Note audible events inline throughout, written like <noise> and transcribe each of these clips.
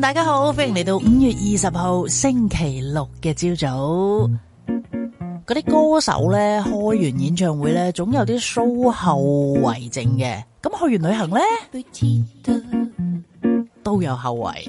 大家好，歡迎嚟到五月二十號星期六嘅朝早。嗰啲歌手呢，開完演唱會呢，總有啲 show 後遺症嘅。咁去完旅行呢，都有後遺。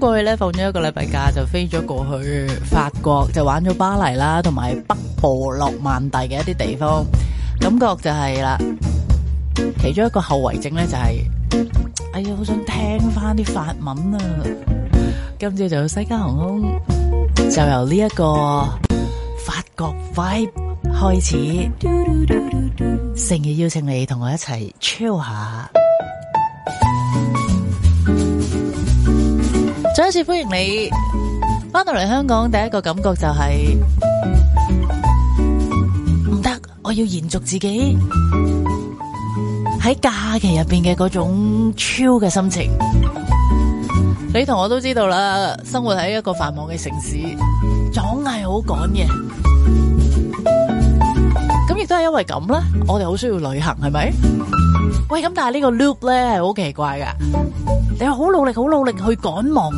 過去咧放咗一個禮拜假，就飛咗過去法國，就玩咗巴黎啦，同埋北部諾曼第嘅一啲地方，感覺就係啦。其中一個後遺症咧就係、是，哎呀，好想聽翻啲法文啊！今朝就有西加航空，就由呢一個法國 vibe 開始，誠意邀請你同我一齊 chill 下。第一次歡迎你翻到嚟香港，第一個感覺就係唔得，我要延續自己喺假期入邊嘅嗰種超嘅心情。你同我都知道啦，生活喺一個繁忙嘅城市，總係好趕嘅。咁亦都係因為咁啦，我哋好需要旅行，係咪？喂，咁但係呢個 loop 咧係好奇怪嘅，你好努力，好努力去趕忙。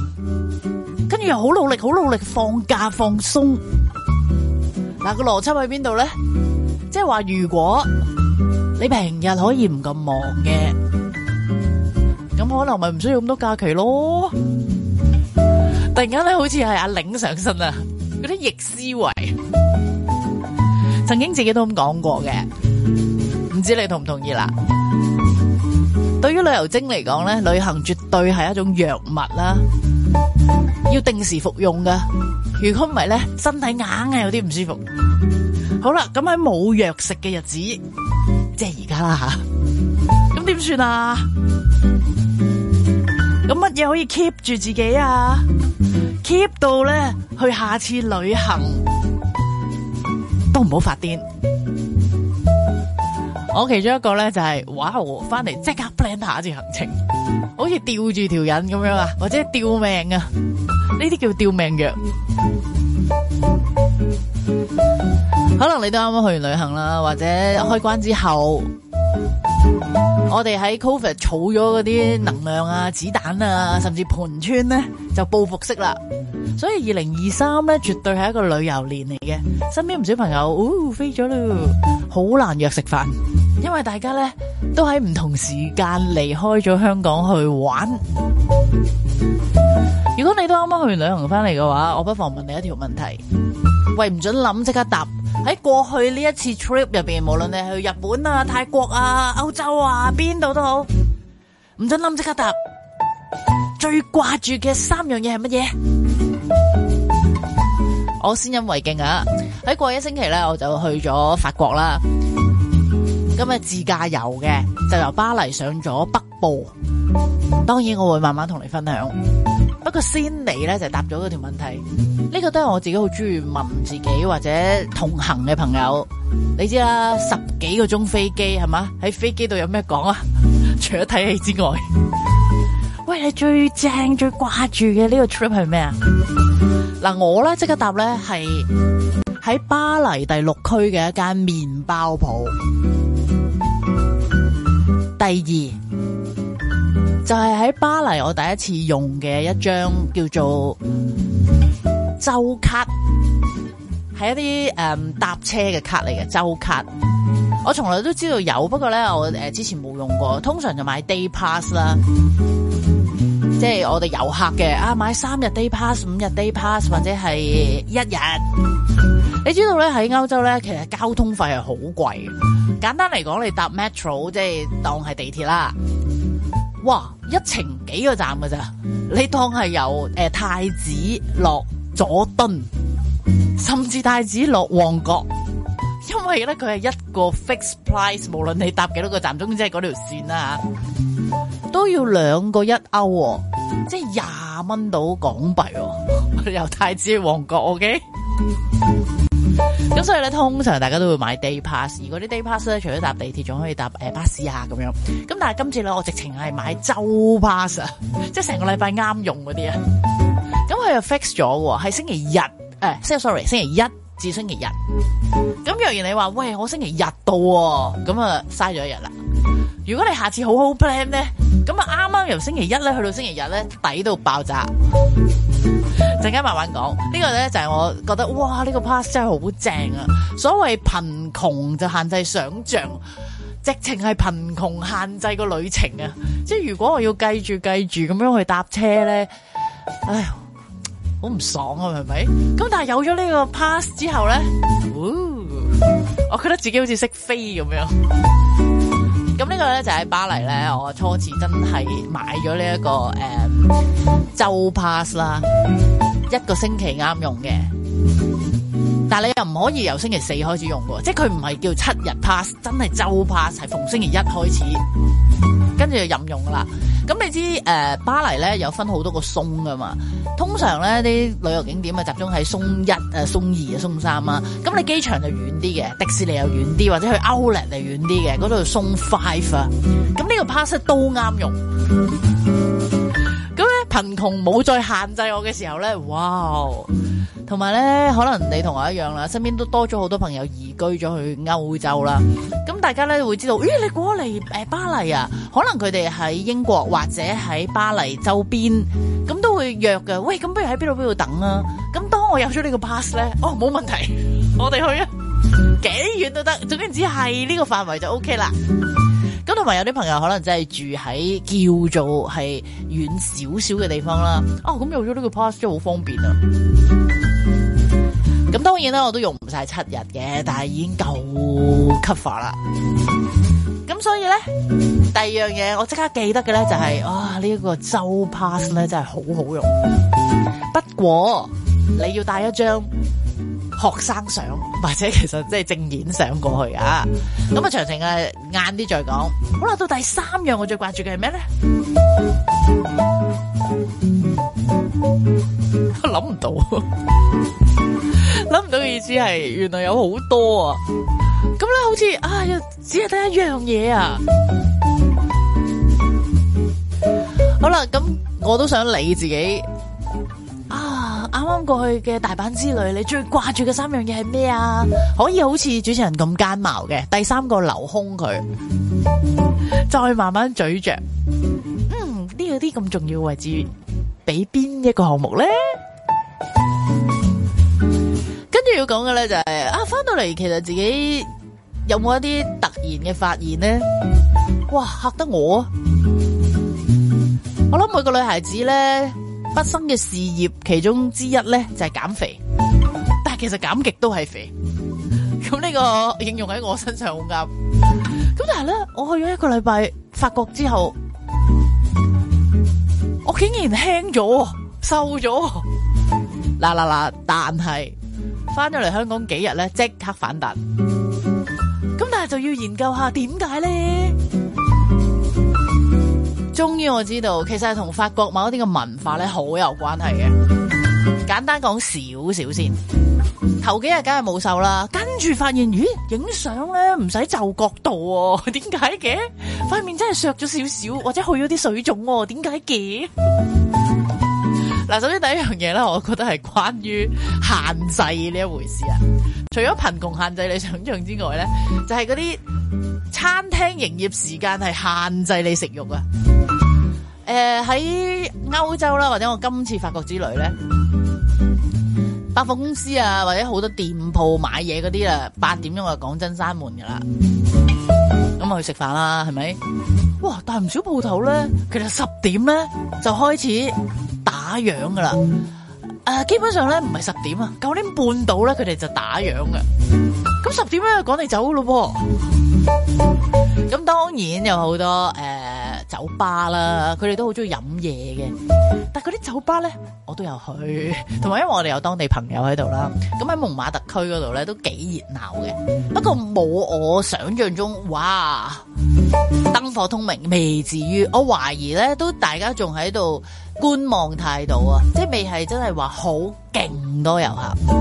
又好努力，好努力放假放鬆。嗱，個邏輯喺邊度咧？即係話，如果你平日可以唔咁忙嘅，咁可能咪唔需要咁多假期咯。突然間咧，好似係阿玲上身啊！嗰啲逆思維，曾經自己都咁講過嘅，唔知你同唔同意啦？對於旅遊精嚟講咧，旅行絕對係一種藥物啦。要定時服用噶，如果唔係咧，身體硬硬有啲唔舒服。好啦，咁喺冇藥食嘅日子，即係而家啦吓，咁點算啊？咁乜嘢可以 keep 住自己啊？keep 到咧去下次旅行都唔好發癲。我其中一個咧就係話我翻嚟，即刻 plan 下一次行程，好似吊住條人咁樣啊，或者吊命啊！呢啲叫吊命藥，可能你都啱啱去完旅行啦，或者開關之後，我哋喺 Covid 儲咗嗰啲能量啊、子彈啊，甚至盤川咧就報復式啦，所以二零二三咧絕對係一個旅遊年嚟嘅，身邊唔少朋友，嗚、哦、飛咗咯，好難約食飯。因為大家咧都喺唔同時間離開咗香港去玩，如果你都啱啱去完旅行翻嚟嘅話，我不妨問你一條問題，喂，唔准諗，即刻答。喺過去呢一次 trip 入邊，無論你去日本啊、泰國啊、歐洲啊邊度都好，唔准諗，即刻答。最掛住嘅三樣嘢係乜嘢？我先飲為敬啊！喺過一星期咧，我就去咗法國啦。今日自駕遊嘅就由巴黎上咗北部，當然我會慢慢同你分享。不過先嚟咧就答咗一條問題，呢個都係我自己好中意問自己或者同行嘅朋友。你知啦，十幾個鐘飛機係嘛？喺飛機度有咩講啊？除咗睇戲之外，喂，你最正最掛住嘅呢個 trip 係咩啊？嗱，我咧即刻答咧係喺巴黎第六區嘅一間麵包鋪。第二就係、是、喺巴黎，我第一次用嘅一張叫做周卡，係一啲誒、嗯、搭車嘅卡嚟嘅周卡。我從來都知道有，不過咧我誒、呃、之前冇用過。通常就買 day pass 啦，即係我哋遊客嘅啊，買三日 day pass、五日 day pass 或者係一日。你知道咧喺歐洲咧，其實交通費係好貴嘅。簡單嚟講，你搭 Metro 即係當係地鐵啦。哇，一程幾個站嘅咋？你當係由、呃、太子落佐敦，甚至太子落旺角，因為咧佢係一個 fixed price，無論你搭幾多個站，總之係嗰條線啦、啊、都要兩個一歐、喎，即係廿蚊到港幣喎、啊，由太子旺角 OK。咁所以咧，通常大家都會買 day pass。而嗰啲 day pass 咧，除咗搭地鐵，仲可以搭誒、呃、巴士啊，咁樣。咁但係今次咧，我直情係買周 pass， <laughs> 即係成個禮拜啱用嗰啲啊。咁 <laughs> 佢又 fix 咗喎，係星期日誒、哎、sorry，星期一至星期日。咁若然你話喂，我星期日到、哦，咁啊，嘥咗一日啦。如果你下次好好 plan 咧，咁啊啱啱由星期一咧去到星期日咧，抵到爆炸。陣間慢慢講，這個、呢個咧就係、是、我覺得，哇！呢、這個 pass 真係好正啊！所謂貧窮就限制想象，直情係貧窮限制個旅程啊！即係如果我要繼住、繼住咁樣去搭車咧，唉，好唔爽啊，係咪？咁但係有咗呢個 pass 之後咧、哦，我覺得自己好似識飛咁樣。咁呢個咧就喺、是、巴黎咧，我初次真係買咗呢一個誒周、um, pass 啦，一個星期啱用嘅。但係你又唔可以由星期四開始用嘅，即係佢唔係叫七日 pass，真係周 pass 係逢星期一開始，跟住就任用啦。咁你知誒、呃、巴黎咧有分好多個松噶嘛？通常咧啲旅遊景點啊集中喺松一啊、松二啊、松三啊。咁你機場就遠啲嘅，迪士尼又遠啲，或者去歐力就遠啲嘅，嗰度松 five 啊。咁呢個 pass 呢都啱用。咁咧貧窮冇再限制我嘅時候咧，哇！同埋咧，可能你同我一樣啦，身邊都多咗好多朋友移居咗去歐洲啦。咁大家咧會知道，咦，你過嚟誒、欸、巴黎啊？可能佢哋喺英國或者喺巴黎周邊，咁都會約嘅。喂，咁不如喺邊度邊度等啊？咁當我有咗呢個 pass 咧，哦，冇問題，我哋去啊，幾遠都得，總之只係呢個範圍就 OK 啦。咁同埋有啲朋友可能真係住喺叫做係遠少少嘅地方啦，哦、啊，咁、嗯、用咗呢個 pass 都好方便啊！咁、嗯、當然啦，我都用唔晒七日嘅，但係已經夠 cover 啦。咁、嗯、所以咧，第二樣嘢我即刻記得嘅咧就係、是、啊呢、呢個周 pass 咧真係好好用，不過你要帶一張。學生相或者其實即係證件相過去啊，咁啊詳情啊晏啲再講。好啦，到第三樣我最掛住嘅係咩咧？我諗唔到，諗 <laughs> 唔到嘅意思係原來有好多啊！咁咧好似啊，又只係得一樣嘢啊！好啦，咁我都想理自己。啊！啱啱過去嘅大阪之旅，你最掛住嘅三樣嘢係咩啊？可以好似主持人咁奸茅嘅，第三個留空佢，再慢慢咀嚼。嗯，呢嗰啲咁重要的位置，俾邊一個項目咧？跟住要講嘅咧就係、是、啊，返到嚟其實自己有冇一啲突然嘅發現咧？哇！嚇得我，我諗每個女孩子咧。畢生嘅事業，其中之一咧就係減肥，但係其實減極都係肥，咁呢個應用喺我身上好啱。咁 <laughs> 但係咧，我去咗一個禮拜，發覺之後，我竟然輕咗，瘦咗，嗱嗱嗱！但係返咗嚟香港幾日咧，即刻反彈。咁 <laughs> 但係就要研究下點解咧？終於我知道，其實係同法國某一啲嘅文化咧好有關係嘅。簡單講少少先，頭幾日梗係冇受啦，跟住發現，咦，影相咧唔使就角度喎、啊，點解嘅？塊面真係削咗少少，或者去咗啲水腫喎、啊，點解嘅？嗱， <laughs> 首先第一樣嘢咧，我覺得係關於限制呢一回事啊。除咗貧窮限制你想象，之外呢，就係嗰啲餐廳營業時間係限制你食肉啊！誒、呃、喺歐洲啦，或者我今次法國之旅呢，百貨公司啊，或者好多店鋪買嘢嗰啲啦，八點鐘就講真閂門噶啦。咁啊去食飯啦，係咪？嘩，但係唔少鋪頭咧，其實十點呢，就開始打烊噶啦。誒，基本上咧唔係十點啊，九點半到咧佢哋就打烊㗎。咁十點咧，趕你走咯噃。咁當然有好多誒、呃、酒吧啦，佢哋都好中意飲嘢嘅。但係嗰啲酒吧咧，我都有去，同埋因為我哋有當地朋友喺度啦。咁喺蒙馬特區嗰度咧，都幾熱鬧嘅。不過冇我想象中，哇，燈火通明，未至於。我懷疑咧，都大家仲喺度。觀望態度啊，即係未係真係話好勁多遊客。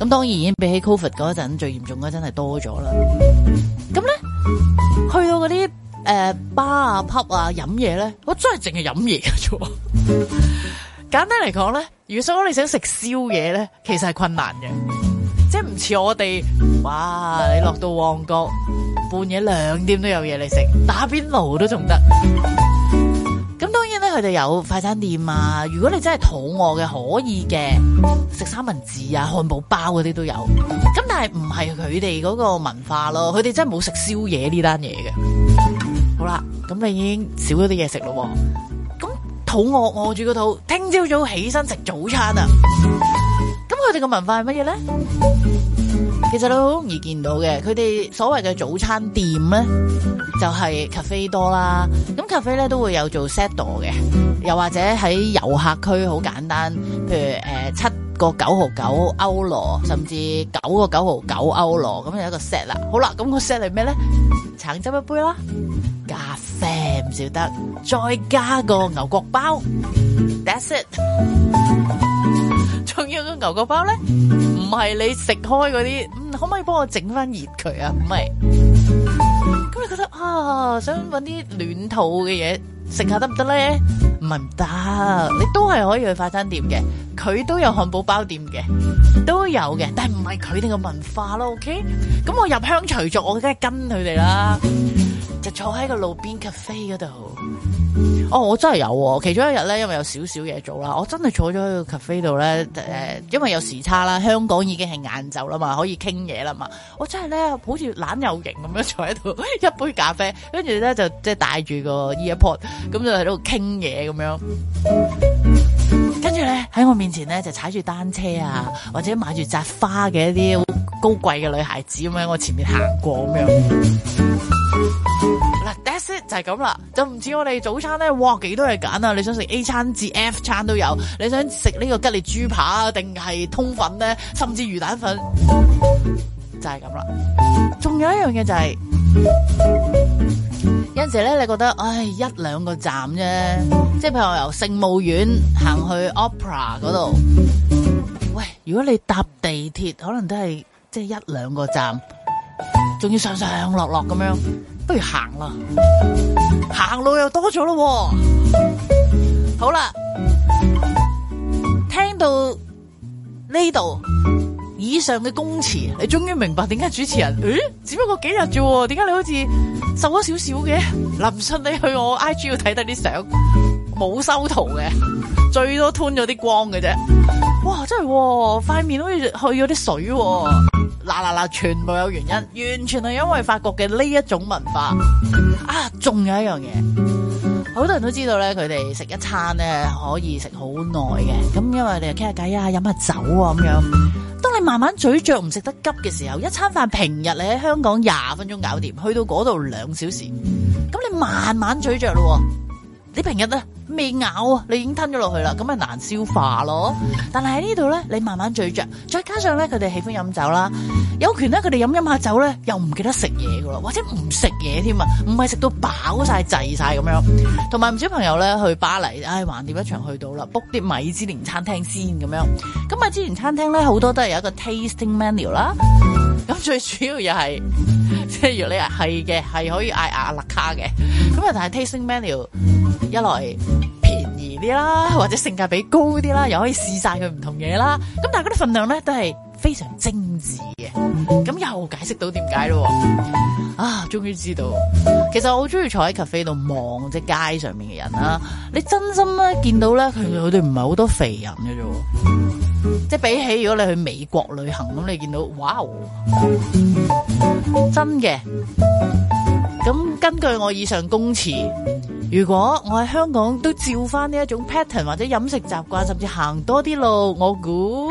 咁當然已經比起 Covid 嗰陣最嚴重嗰陣係多咗啦。咁咧去到嗰啲誒吧啊、pub 啊飲嘢咧，我真係淨係飲嘢嘅啫。 <laughs> 簡單嚟講咧，如果我哋想食宵夜咧，其實係困難嘅，即係唔似我哋哇，你落到旺角半夜兩點都有嘢你食，打邊爐都仲得。咁當然咧，佢哋有快餐店啊，如果你真係肚餓嘅，可以嘅，食三文治啊、漢堡包嗰啲都有。咁但係唔係佢哋嗰個文化咯。佢哋真係冇食宵夜呢單嘢嘅。好啦，咁你已經少咗啲嘢食咯。咁肚餓餓住個肚，聽朝早起身食早餐啊。咁佢哋嘅文化係乜嘢咧？其實都好容易見到嘅，佢哋所謂嘅早餐店咧，就係 cafe 多啦。咁 cafe 咧都會有做 set 嘅，又或者喺遊客區好簡單，譬如誒七個九毫九歐羅，甚至九個九毫九歐羅，咁有一個 set 啦。好啦，咁個 set 係咩咧？橙汁一杯啦，咖啡唔少得，再加個牛角包，that's it。仲要個牛角包咧？係你食開嗰啲，嗯，可唔可以幫我整翻熱佢啊？唔係，咁你覺得啊，想搵啲暖肚嘅嘢食下得唔得咧？唔係唔得，你都係可以去快餐店嘅，佢都有漢堡包店嘅，都有嘅，但係唔係佢哋嘅文化咯。OK，咁我入鄉隨俗，我梗係跟佢哋啦。就坐喺個路邊咖啡嗰度，哦，我真係有、哦，其中一日咧，因為有少少嘢做啦，我真係坐咗喺個咖啡度咧，誒、呃，因為有時差啦，香港已經係晏晝啦嘛，可以傾嘢啦嘛，我真係咧好似懶又型咁樣坐喺度，一杯咖啡，跟住咧就即係帶住個 earpod，咁就喺度傾嘢咁樣，跟住咧喺我面前咧就踩住單車啊，或者買住扎花嘅一啲好高貴嘅女孩子咁樣，我，我前面行過咁樣。嗱，that's it 就係咁啦，就唔似我哋早餐咧，哇幾多嘢揀啊！你想食 A 餐至 F 餐都有，你想食呢個吉列豬扒，定係通粉咧，甚至魚蛋粉，就係咁啦。仲有一樣嘢就係、是，有陣時咧你覺得，唉，一兩個站啫，即係譬如我由聖母院行去 Opera 嗰度，喂，如果你搭地鐵，可能都係即係一兩個站。仲要上上落落咁樣，不如行啦！行路又多咗咯、哦，好啦，聽到呢度以上嘅公詞，你終於明白點解主持人，嗯咦，只不過幾日啫，點解你好似瘦咗少少嘅？林信，你去我 I G 要睇睇啲相，冇修圖嘅，最多吞咗啲光嘅啫。哇，真係、哦，塊面好似去咗啲水、哦。嗱嗱嗱，全部有原因，完全係因為法國嘅呢一種文化啊！仲有一樣嘢，好多人都知道咧，佢哋食一餐咧可以食好耐嘅，咁因為你傾下偈啊，飲下酒啊咁樣。當你慢慢咀嚼唔食得急嘅時候，一餐飯平日你喺香港廿分鐘搞掂，去到嗰度兩小時，咁你慢慢咀嚼咯。你平日呢，未咬啊，你已經吞咗落去啦，咁咪難消化咯。但係喺呢度咧，你慢慢咀嚼，再加上咧佢哋喜歡飲酒啦，有權咧佢哋飲飲下酒咧，又唔記得食嘢噶喇，或者唔食嘢添啊，唔係食到飽晒滯晒咁樣。同埋唔少朋友咧去巴黎，唉橫掂一場去到啦，book 啲米芝蓮餐廳先咁樣。咁啊，米芝蓮餐廳咧好多都係有一個 tasting menu 啦。咁最主要又係，即係如果你係嘅，係可以嗌阿阿勒卡嘅。咁啊，但係 tasting menu 一來便宜啲啦，或者性價比高啲啦，又可以試晒佢唔同嘢啦。咁但係嗰啲份量咧都係。非常精緻嘅，咁又解釋到點解咯。啊，終於知道。其實我好中意坐喺 cafe 度望只街上面嘅人啦，啊。你真心咧見到咧，佢佢哋唔係好多肥人嘅啫。即係比起如果你去美國旅行，咁你見到，哇！真嘅。咁根據我以上公詞，如果我喺香港都照翻呢一種 pattern 或者飲食習慣，甚至行多啲路，我估。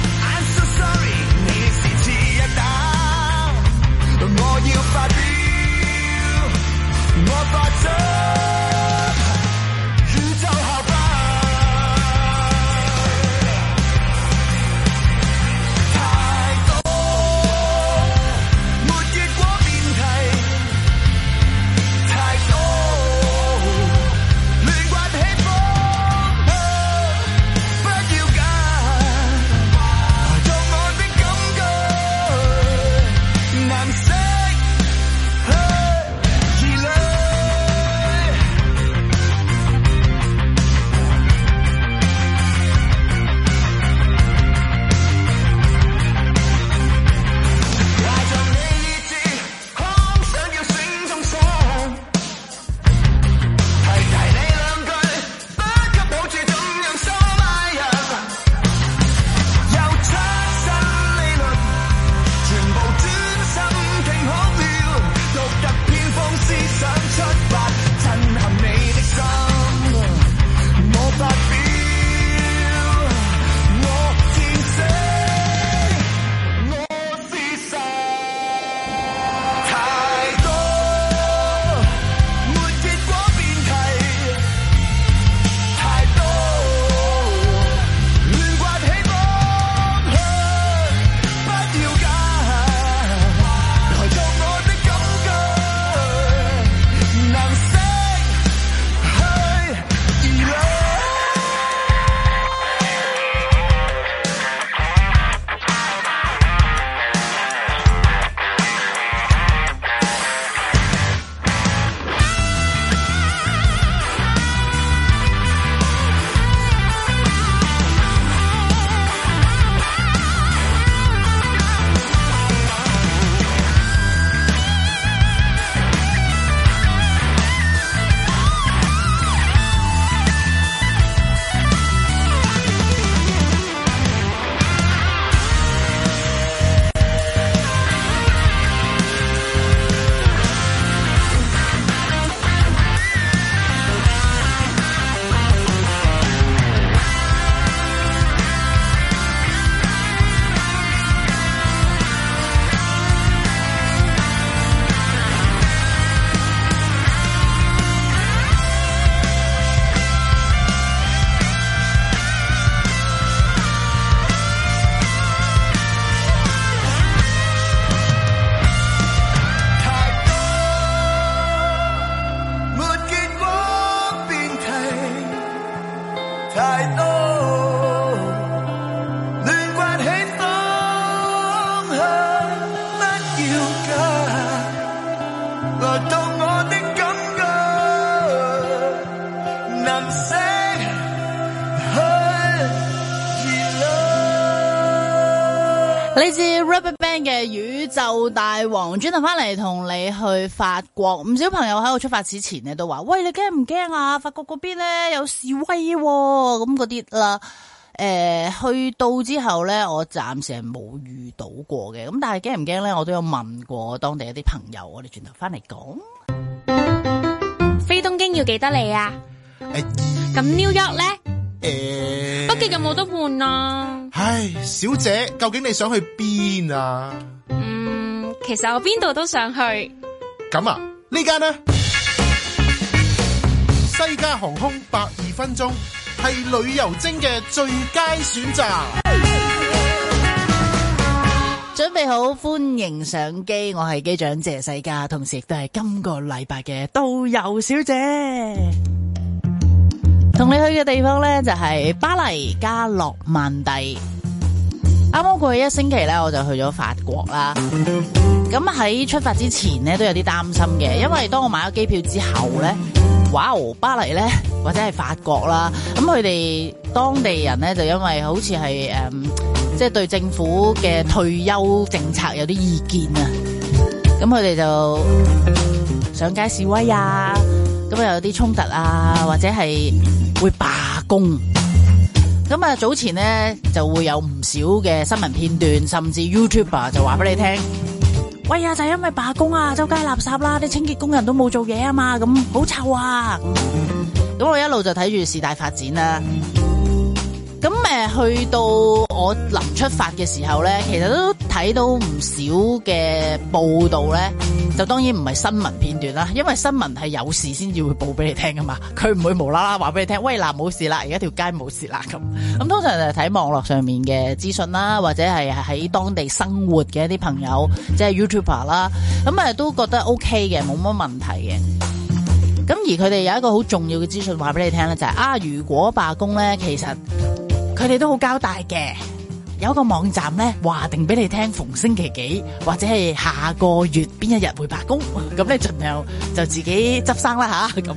大王轉頭翻嚟同你去法國，唔少朋友喺我出發之前咧都話，喂，你驚唔驚啊？法國嗰邊咧有示威，哦，咁嗰啲啦。誒、呃，去到之後咧，我暫時係冇遇到過嘅。咁但係驚唔驚咧？我都有問過當地一啲朋友。我哋轉頭翻嚟講，飛東京要幾得你啊？咁 New York 咧？誒，哎、北京有冇得換啊？唉，小姐，究竟你想去邊啊？嗯。其實我邊度都想去。咁啊，呢間呢？ <music> 西加航空百二分鐘，係旅遊精嘅最佳選擇。 <music> 準備好，歡迎上機，我係機長謝西加，同時亦都係今個禮拜嘅導遊小姐。同你去嘅地方咧就係、是、巴黎加洛曼蒂。啱啱過去一星期咧，我就去咗法國啦。咁喺出發之前咧，都有啲擔心嘅，因為當我買咗機票之後咧，哇哦，巴黎咧或者係法國啦，咁佢哋當地人咧就因為好似係誒，即、嗯、係、就是、對政府嘅退休政策有啲意見啊，咁佢哋就上街示威啊，咁啊有啲衝突啊，或者係會罷工。咁啊，早前咧就會有唔少嘅新聞片段，甚至 YouTuber 就話俾你聽。喂啊，就係、因為罷工啊，周街垃圾啦，啲清潔工人都冇做嘢啊嘛，咁好臭啊！咁、嗯、我一路就睇住事態發展啦。咁、呃、去到我臨出發嘅時候咧，其實都睇到唔少嘅報道咧，就當然唔係新聞片段啦，因為新聞係有事先至會報俾你聽噶嘛，佢唔會無啦啦話俾你聽，喂，嗱冇事啦，而家條街冇事啦咁。咁通常就係睇網絡上面嘅資訊啦，或者係喺當地生活嘅一啲朋友，即係 YouTuber 啦，咁誒都覺得 OK 嘅，冇乜問題嘅。咁而佢哋有一個好重要嘅資訊話俾你聽咧，就係、是、啊，如果罷工咧，其實～佢哋都好交代嘅，有一個網站咧，話定俾你聽逢星期幾或者係下個月邊一日會罷工，咁你盡量就自己執生啦吓咁。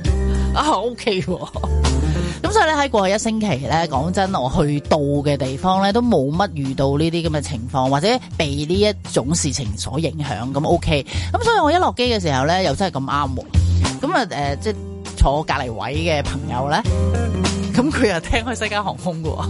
啊，O K，咁所以咧喺過去一星期咧，講真，我去到嘅地方咧都冇乜遇到呢啲咁嘅情況，或者被呢一種事情所影響，咁 O K。咁所以我一落機嘅時候咧，又真係咁啱。咁啊，誒，即、呃、係坐隔籬位嘅朋友咧。咁佢又聽開西加航空喎、哦。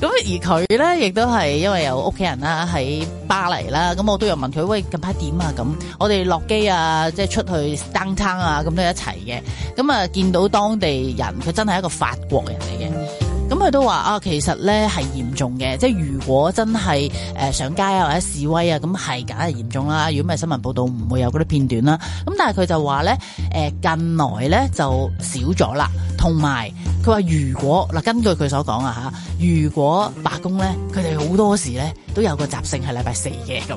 咁 <laughs> 而佢咧亦都係因為有屋企人啦喺巴黎啦，咁我都有問佢喂，近排點啊咁，我哋落機啊，即係出去 downtown 啊咁都一齊嘅，咁啊見到當地人，佢真係一個法國人嚟嘅。咁佢、嗯、都話啊，其實咧係嚴重嘅，即係如果真係、呃、上街啊或者示威啊，咁係梗係嚴重啦。如果唔係新聞報導，唔會有嗰啲片段啦。咁、嗯、但係佢就話咧、呃，近來咧就少咗啦，同埋佢話如果嗱、啊、根據佢所講啊嚇，如果白宮咧佢哋好多時咧，都有個習性係禮拜四嘅咁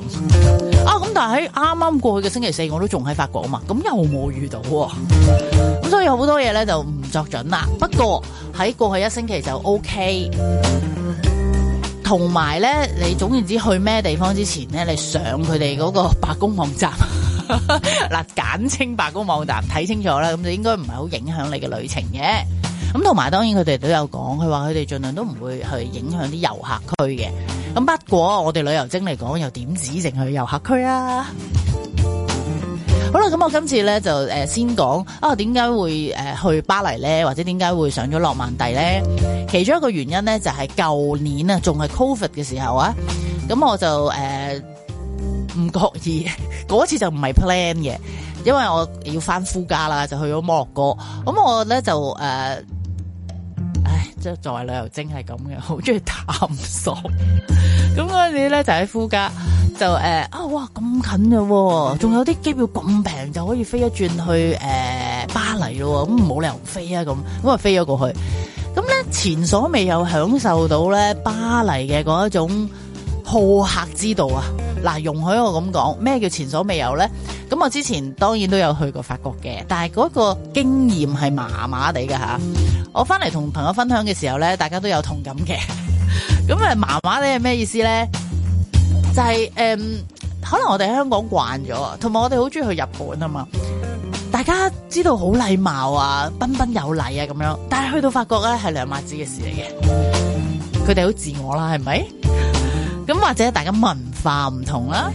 啊！咁但係喺啱啱過去嘅星期四，我都仲喺法國啊嘛，咁又冇遇到咁、啊，所以好多嘢咧就唔作準啦。不過喺過去一星期就 OK，同埋咧，你總言之去咩地方之前咧，你上佢哋嗰個白宮網站，嗱 <laughs> 簡稱白宮網站睇清楚啦，咁就應該唔係好影響你嘅旅程嘅。咁同埋當然佢哋都有講，佢話佢哋儘量都唔會去影響啲遊客區嘅。咁不過，我哋旅遊精嚟講，又點指定去遊客區啊？好啦，咁我今次咧就、呃、先講啊，點解會、呃、去巴黎咧，或者點解會上咗諾曼第咧？其中一個原因咧就係、是、舊年啊，仲係 Covid 嘅時候啊，咁我就唔覺意嗰次就唔係 plan 嘅，因為我要翻夫家啦，就去咗摩洛哥，咁我咧就、呃即係作為旅遊精係咁嘅，好中意探索。咁嗰陣時咧就喺夫家就誒、呃、啊哇咁近嘅喎，仲有啲機票咁平就可以飛一轉去誒、呃、巴黎咯，咁冇理由唔飛啊咁，咁啊飛咗過去。咁咧前所未有享受到咧巴黎嘅嗰一種好客之道啊！嗱，容許我咁講，咩叫前所未有咧？咁我之前當然都有去過法國嘅，但係嗰個經驗係麻麻地嘅吓。我翻嚟同朋友分享嘅時候咧，大家都有同感嘅。咁 <laughs> 啊，麻麻地係咩意思咧？就係、是、誒、呃，可能我哋喺香港慣咗，同埋我哋好中意去日本啊嘛。大家知道好禮貌啊，彬彬有禮啊咁樣，但係去到法國咧係兩碼子嘅事嚟嘅。佢哋好自我啦，係咪？咁或者大家文化唔同啦，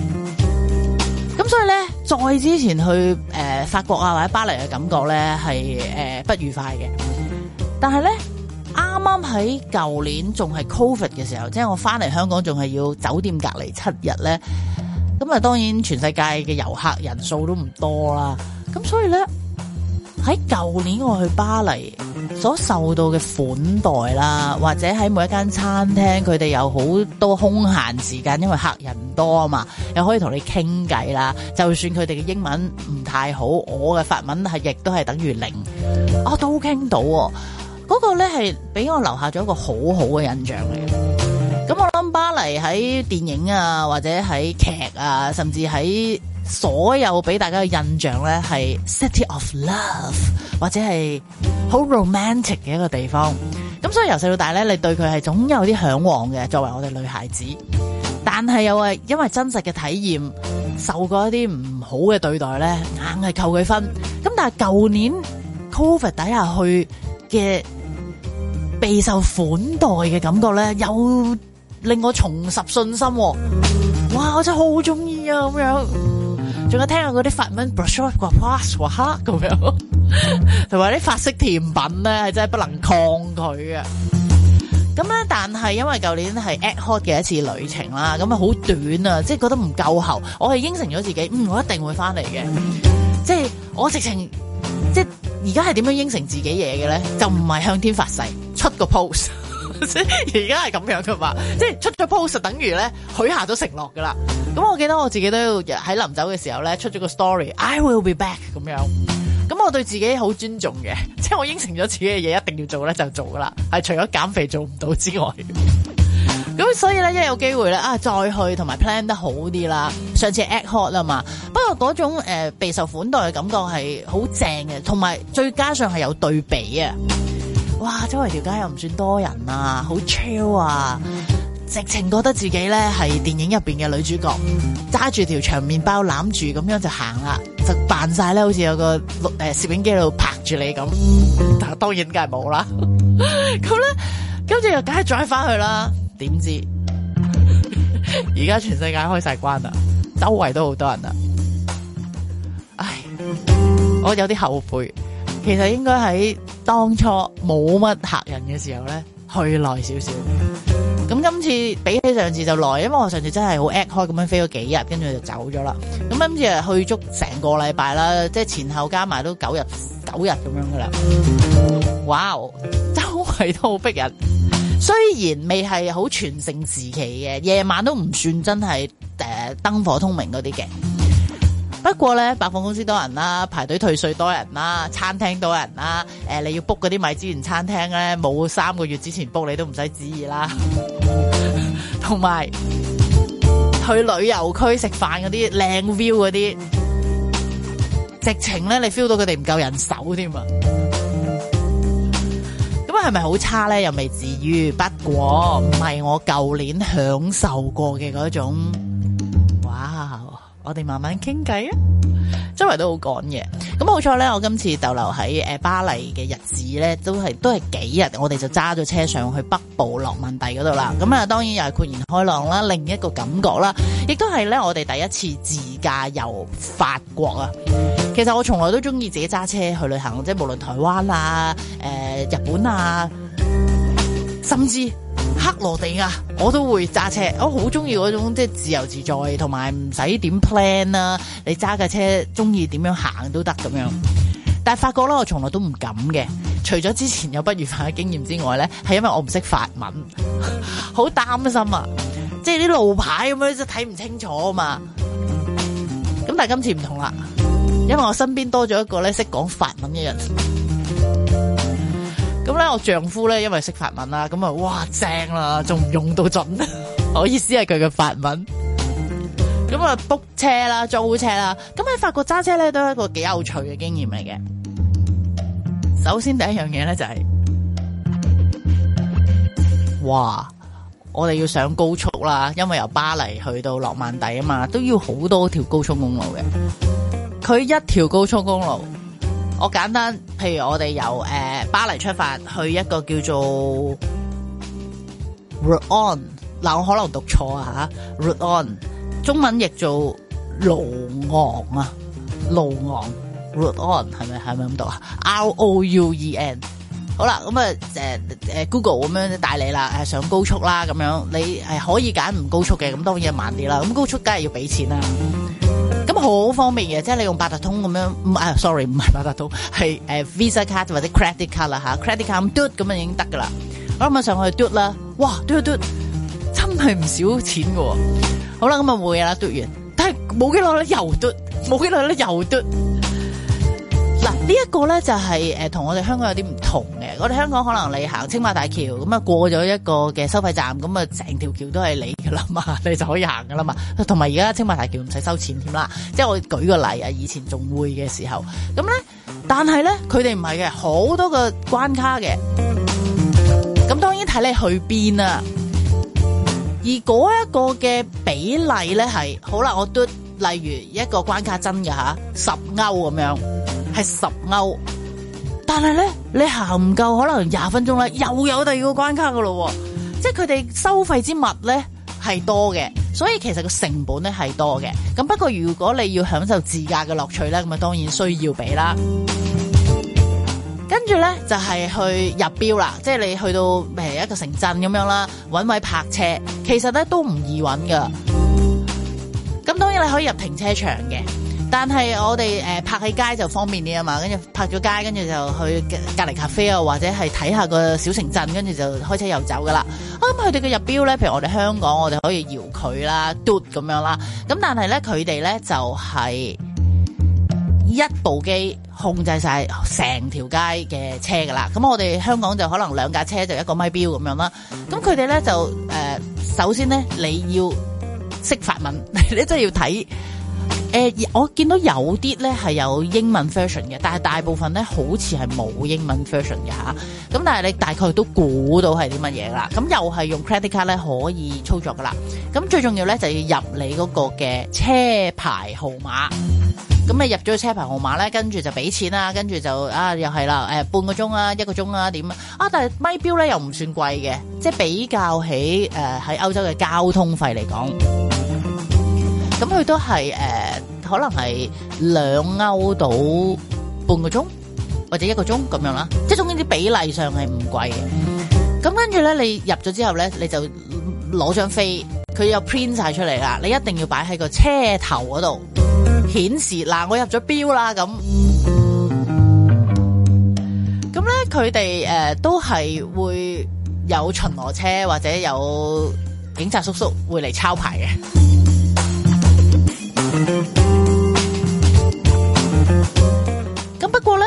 咁所以咧，再之前去、呃、法國啊或者巴黎嘅感覺咧係、呃、不愉快嘅，但係咧啱啱喺舊年仲係 COVID 嘅時候，即係我翻嚟香港仲係要酒店隔離七日咧，咁啊當然全世界嘅遊客人數都唔多啦，咁所以咧。喺舊年我去巴黎所受到嘅款待啦，或者喺每一間餐廳，佢哋有好多空閒時間，因為客人多啊嘛，又可以同你傾偈啦。就算佢哋嘅英文唔太好，我嘅法文係亦都係等於零，啊都傾到喎。嗰個咧係俾我留下咗一個好好嘅印象嚟。咁我諗巴黎喺電影啊，或者喺劇啊，甚至喺。所有俾大家嘅印象咧，係 City of Love 或者係好 romantic 嘅一個地方。咁所以由細到大咧，你對佢係總有啲向往嘅，作為我哋女孩子。但係又係因為真實嘅體驗，受過一啲唔好嘅對待咧，硬係扣佢分。咁但係舊年 Covid 底下去嘅備受款待嘅感覺咧，又令我重拾信心。哇！我真係好中意啊，咁樣。仲有聽下嗰啲法文 brushup 話哇哇黑咁樣，同埋啲法式甜品咧係真係不能抗拒啊。咁咧，但係因為舊年係 ad hoc 嘅一次旅程啦，咁啊好短啊，即係覺得唔夠喉。我係應承咗自己，嗯，我一定會翻嚟嘅。即係我直情，即係而家係點樣應承自己嘢嘅咧？就唔係向天發誓出個 post。而家係咁樣噶嘛，即係出咗 post 等於咧許下咗承諾噶啦。咁我記得我自己都喺臨走嘅時候咧出咗個 story，I will be back 咁樣。咁我對自己好尊重嘅，即係我應承咗自己嘅嘢，一定要做咧就做噶啦，係除咗減肥做唔到之外。咁 <laughs> 所以咧一有機會咧啊，再去同埋 plan 得好啲啦。上次 at hot 啊嘛，不過嗰種誒、呃、備受款待嘅感覺係好正嘅，同埋再加上係有對比啊。哇！周圍條街又唔算多人啊，好 chill 啊！直情覺得自己咧係電影入邊嘅女主角，揸住條長麵包攬住咁樣就行啦，就扮晒咧好似有個誒攝影機喺度拍住你咁，但係當然梗係冇啦。咁 <laughs> 咧，跟住又梗係再翻去啦。點知而家全世界開晒關啦，周圍都好多人啦。唉，我有啲後悔。其實應該喺當初冇乜客人嘅時候咧去耐少少，咁今次比起上次就耐，因為我上次真係好 at 開咁樣飛咗幾日，跟住就走咗啦。咁今次啊去足成個禮拜啦，即係前後加埋都九日九日咁樣噶啦。哇，wow，周圍都好逼人，雖然未係好全盛時期嘅，夜晚都唔算真係誒燈火通明嗰啲嘅，不過咧，百貨公司多人啦、啊，排隊退稅多人啦、啊，餐廳多人啦、啊，誒、呃，你要 book 嗰啲米芝蓮餐廳咧，冇三個月之前 book 你都唔使旨意啦，同 <laughs> 埋去旅遊區食飯嗰啲靚 view 嗰啲，那些直情咧你 feel 到佢哋唔夠人手添啊，咁係咪好差咧？又未至於，不過唔係我舊年享受過嘅嗰種。我哋慢慢傾偈啊，周圍都好趕嘅。咁好在咧，我今次逗留喺巴黎嘅日子咧，都係都係幾日。我哋就揸咗車上去北部諾曼第嗰度啦。咁啊，當然又係豁然開朗啦，另一個感覺啦，亦都係咧，我哋第一次自駕遊法國啊。其實我從來都中意自己揸車去旅行，即無論台灣啊、呃、日本啊、甚至。克羅地亞！我都會揸車，我好中意嗰種即係自由自在，同埋唔使點 plan 啦。你揸架車中意點樣行都得咁樣。但係發覺咧，我從來都唔敢嘅。除咗之前有不愉快嘅經驗之外咧，係因為我唔識法文，好 <laughs> 擔心啊！即係啲路牌咁樣即係睇唔清楚啊嘛。咁但係今次唔同啦，因為我身邊多咗一個咧識講法文嘅人。咁咧，我丈夫咧，因為識法文啦，咁啊，哇，正啦，仲用到盡呵呵。我意思係佢嘅法文。咁啊，book 車啦，租車啦，咁喺法國揸車咧，都係一個幾有趣嘅經驗嚟嘅。首先第一樣嘢咧就係、是，哇，我哋要上高速啦，因為由巴黎去到諾曼底啊嘛，都要好多條高速公路嘅。佢一條高速公路。我簡單，譬如我哋由誒、呃、巴黎出發去一個叫做 Rouen，嗱我可能讀錯啊嚇 Rouen，中文譯做路昂啊，路昂 Rouen 係咪係咪咁讀啊？R O U E N。好啦，咁啊，誒誒，Google 咁樣帶你啦，上高速啦咁樣，你係可以揀唔高速嘅，咁當然係慢啲啦。咁高速梗係要俾錢啦。咁好方便嘅，即係你用八達通咁樣，唔啊，sorry，唔係八達通，係誒 Visa Card 或者 Credit Card 啦吓，Credit Card 咁嘟咁樣已經得噶啦。我咁啊上去嘟啦，哇，嘟嘟，真係唔少錢噶，啊。好啦，咁啊冇嘢啦，嘟完，但係冇幾耐咧又嘟，冇幾耐咧又嘟。這個呢一個咧就係、是、誒、同、呃、我哋香港有啲唔同嘅。我哋香港可能你行青馬大橋咁啊，過咗一個嘅收費站，咁啊，成條橋都係你噶啦嘛，你就可以行噶啦嘛。同埋而家青馬大橋唔使收錢添啦，即係我舉個例啊，以前仲會嘅時候，咁咧，但係咧佢哋唔係嘅，好多個關卡嘅。咁當然睇你去邊啊，而嗰一個嘅比例咧係好啦，我都例如一個關卡真嘅吓，十歐咁樣。係十歐，但係咧你行唔夠可能廿分鐘咧，又有第二個關卡噶咯，即係佢哋收費之物咧係多嘅，所以其實個成本咧係多嘅。咁不過如果你要享受自駕嘅樂趣咧，咁啊當然需要俾啦。跟住咧就係、是、去入標啦，即係你去到誒一個城鎮咁樣啦，搵位泊車，其實咧都唔易搵噶。咁當然你可以入停車場嘅。但係我哋、呃、泊喺街就方便啲啊嘛，跟住泊咗街，跟住就去隔隔離咖啡啊，或者係睇下個小城鎮，跟住就開車又走噶啦。咁佢哋嘅入錶咧，譬如我哋香港，我哋可以搖佢啦、嘟咁樣啦。咁但係咧，佢哋咧就係、是、一部機控制曬成條街嘅車噶啦。咁、嗯、我哋香港就可能兩架車就一個咪錶咁樣啦。咁佢哋咧就、呃、首先咧你要識法文， <laughs> 你真係要睇。誒、欸，我見到有啲咧係有英文 version 嘅，但係大部分咧好似係冇英文 version 嘅嚇。咁但係你大概都估到係啲乜嘢啦。咁又係用 credit card 咧可以操作噶啦。咁最重要咧就要入你嗰個嘅車牌號碼。咁啊入咗車牌號碼咧，跟住就俾錢啦，跟住就啊又係啦，誒、啊、半個鐘啊，一個鐘啊點啊？啊但係咪錶咧又唔算貴嘅，即係比較起誒喺、呃、歐洲嘅交通費嚟講。咁佢都係誒，可能係兩歐到半個鐘或者一個鐘咁樣啦，即係中之總啲比例上係唔貴嘅。咁跟住咧，你入咗之後咧，你就攞張飛，佢有 print 晒出嚟啦，你一定要擺喺個車頭嗰度顯示。嗱、啊，我入咗標啦，咁咁咧，佢哋誒都係會有巡邏車或者有警察叔叔會嚟抄牌嘅。咁不過呢，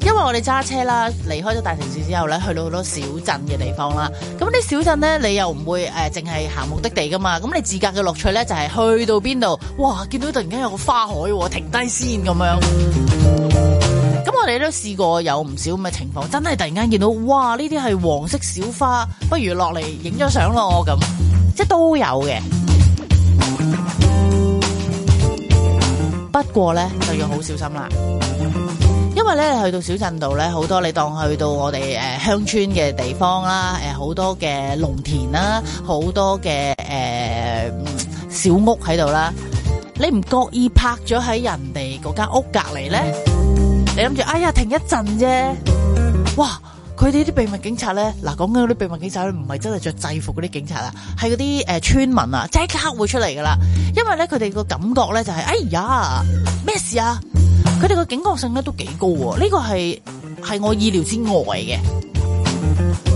因為我哋揸車啦，離開咗大城市之後呢，去到好多小鎮嘅地方啦。咁啲小鎮呢，你又唔會誒，淨係行目的地噶嘛。咁你自駕嘅樂趣呢，就係去到邊度，哇，見到突然間有個花海，呃、停低先咁樣。咁我哋都試過有唔少咁嘅情況，真係突然間見到，哇，呢啲係黃色小花，不如落嚟影張相咯，咁，即都有嘅。不過咧，就要好小心啦，因為咧，去到小鎮度咧，好多你當去到我哋誒鄉村嘅地方啦，誒、呃、好多嘅農田啦，好多嘅誒、呃、小屋喺度啦，你唔覺意泊咗喺人哋嗰間屋隔籬咧，你諗住哎呀停一陣啫，哇！佢哋啲秘密警察咧，嗱，講緊啲秘密警察咧，唔係真係着制服嗰啲警察啦，係嗰啲誒村民啊，即刻會出嚟噶啦。因為咧，佢哋個感覺咧就係，哎呀，咩事啊？佢哋個警覺性咧都幾高喎，呢個係係我意料之外嘅。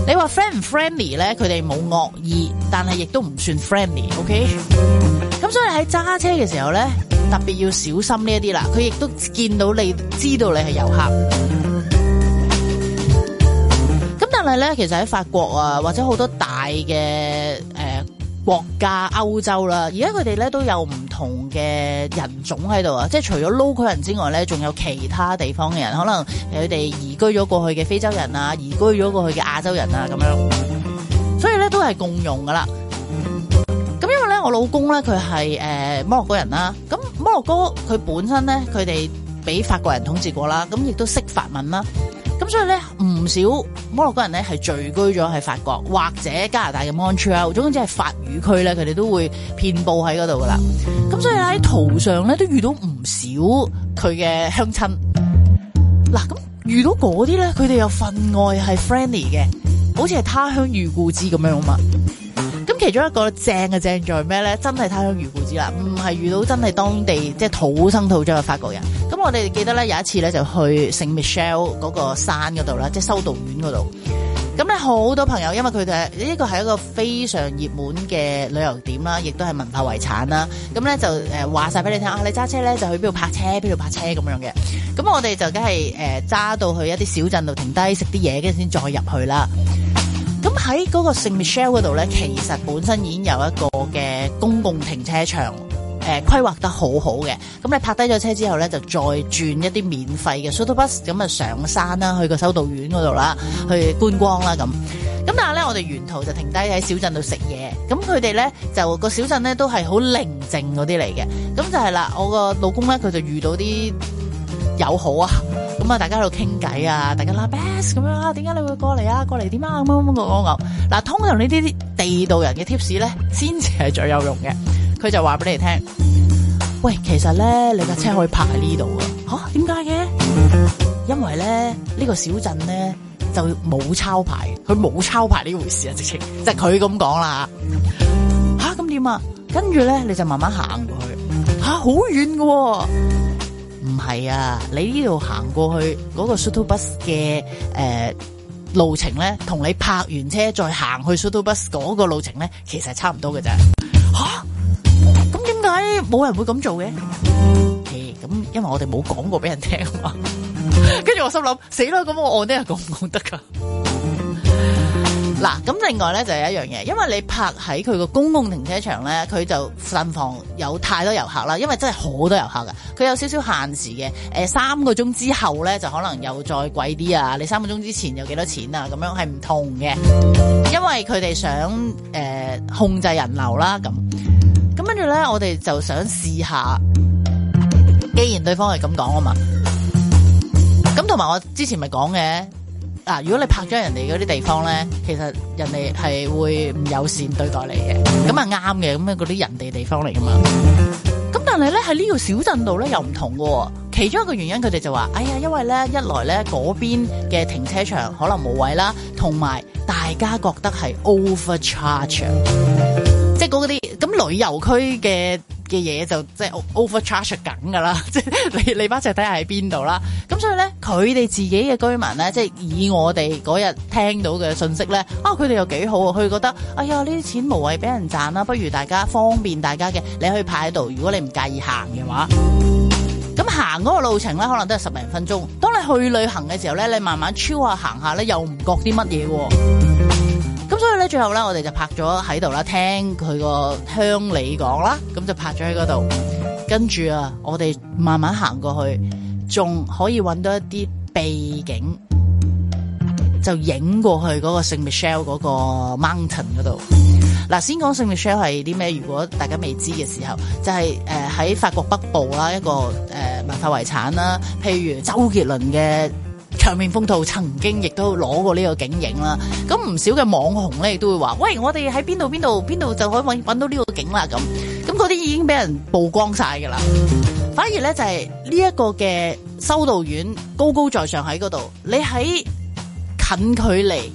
你話 friend 唔 friendly 咧，佢哋冇惡意，但係亦都唔算 friendly，OK？咁所以喺揸車嘅時候咧，特別要小心呢一啲啦。佢亦都見到你，知道你係遊客。咧，其實喺法國啊，或者好多大嘅，誒、呃、國家歐洲啦，而家佢哋咧都有唔同嘅人種喺度啊，即係除咗摩洛哥人之外咧，仲有其他地方嘅人，可能佢哋移居咗過去嘅非洲人啊，移居咗過去嘅亞洲人啊，咁樣，所以咧都係共用噶啦。咁因為咧，我老公咧佢係誒摩洛哥人啦，咁摩洛哥佢本身咧佢哋俾法國人統治過啦，咁亦都識法文啦。咁所以咧，唔少摩洛哥人咧係聚居咗喺法國或者加拿大嘅 Montreal，總之係法語區咧，佢哋都會遍布喺嗰度噶啦。咁所以喺途上咧都遇到唔少佢嘅鄉親。嗱、啊，咁遇到嗰啲咧，佢哋又分外係 friendly 嘅，好似係他鄉遇故知咁樣啊嘛。咁其中一個正嘅正在咩咧？真係他鄉遇故知啦，唔係遇到真係當地即係土生土長嘅法國人。咁我哋記得咧有一次咧就去聖 Michel 嗰個山嗰度啦，即係修道院嗰度。咁咧好多朋友因為佢哋呢個係一個非常熱門嘅旅遊點啦，亦都係文化遺產啦。咁咧就誒話晒俾你聽啊！你揸車咧就去邊度泊車？邊度泊車咁樣嘅。咁我哋就梗係誒揸到去一啲小鎮度停低食啲嘢，跟住先再入去啦。咁喺嗰個聖 Michelle 嗰度呢，其實本身已經有一個嘅公共停車場誒，規劃得好好嘅。咁你泊低咗車之後呢，就再轉一啲免費嘅 shuttle bus 咁啊，上山啦，去個修道院嗰度啦，去觀光啦，咁咁。但係呢，我哋沿途就停低喺小鎮度食嘢。咁佢哋呢，就個小鎮呢，都係好寧靜嗰啲嚟嘅。咁就係啦，我個老公呢，佢就遇到啲。友好啊，咁啊，大家喺度傾偈啊，大家啦，best 咁樣啊，點解你會過嚟啊？過嚟點啊？咁樣咁講講嗱，通常呢啲啲地道人嘅 tips 咧，先至係最有用嘅。佢就話俾你聽，喂，其實咧，你架車可以泊喺呢度啊？吓？點解嘅？因為咧，呢個小鎮咧就冇抄牌，佢冇抄牌呢回事啊，直情即係佢咁講啦。吓，咁點啊？跟住咧，你就慢慢行過去。吓、啊，好遠嘅。唔係啊，你呢度行過去嗰個 shuttle bus 嘅誒、呃、路程咧，同你泊完車再行去 shuttle bus 嗰個路程咧，其實係差唔多㗎咋吓？咁點解冇人會咁做嘅？咁 <music> 因為我哋冇講過俾人聽啊。跟 <laughs> 住我心諗，死啦！咁我我呢個講唔講得㗎？ <laughs> 」嗱，咁另外咧就係一樣嘢，因為你泊喺佢個公共停車場咧，佢就慎防有太多遊客啦，因為真係好多遊客㗎。佢有少少限時嘅，呃、三個鐘之後咧就可能又再貴啲啊，你三個鐘之前有幾多錢啊，咁樣係唔同嘅，因為佢哋想、呃、控制人流啦，咁，咁跟住咧我哋就想試下，既然對方係咁講啊嘛，咁同埋我之前咪講嘅。嗱、啊，如果你拍咗人哋嗰啲地方咧，其實人哋係會唔友善對待你嘅，咁係啱嘅，咁啊嗰啲人哋地方嚟噶嘛。咁但係咧喺呢個小鎮度咧又唔同嘅、哦，其中一個原因佢哋就話，哎呀，因為咧一來咧嗰邊嘅停車場可能冇位啦，同埋大家覺得係 overcharge，即係嗰啲咁旅遊區嘅。嘅嘢就即係 overcharge 緊噶啦，即係你你把只睇下喺邊度啦。咁所以咧，佢哋自己嘅居民咧，即係以我哋嗰日聽到嘅信息咧，啊，佢哋又幾好喎。佢覺得，哎呀，呢啲錢無謂俾人賺啦，不如大家方便大家嘅，你可以派喺度，如果你唔介意行嘅話。咁行嗰個路程咧，可能都係十零分鐘。當你去旅行嘅時候咧，你慢慢超下行下咧，又唔覺啲乜嘢。最後咧，我哋就拍咗喺度啦，聽佢個鄉里講啦，咁就拍咗喺嗰度。跟住啊，我哋慢慢行過去，仲可以搵到一啲背景，就影過去嗰個聖 Michelle 嗰個 mountain 嗰度。嗱，先講聖 Michelle 係啲咩？如果大家未知嘅時候，就係、是、喺、呃、法國北部啦，一個、呃、文化遺產啦。譬如周杰倫嘅。場面風套曾經亦都攞過呢個景影啦，咁唔少嘅網紅咧亦都會話，喂，我哋喺邊度邊度邊度就可以搵到呢個景啦咁，咁嗰啲已經俾人曝光曬㗎啦。反而咧就係呢一個嘅修道院高高在上喺嗰度，你喺近距離。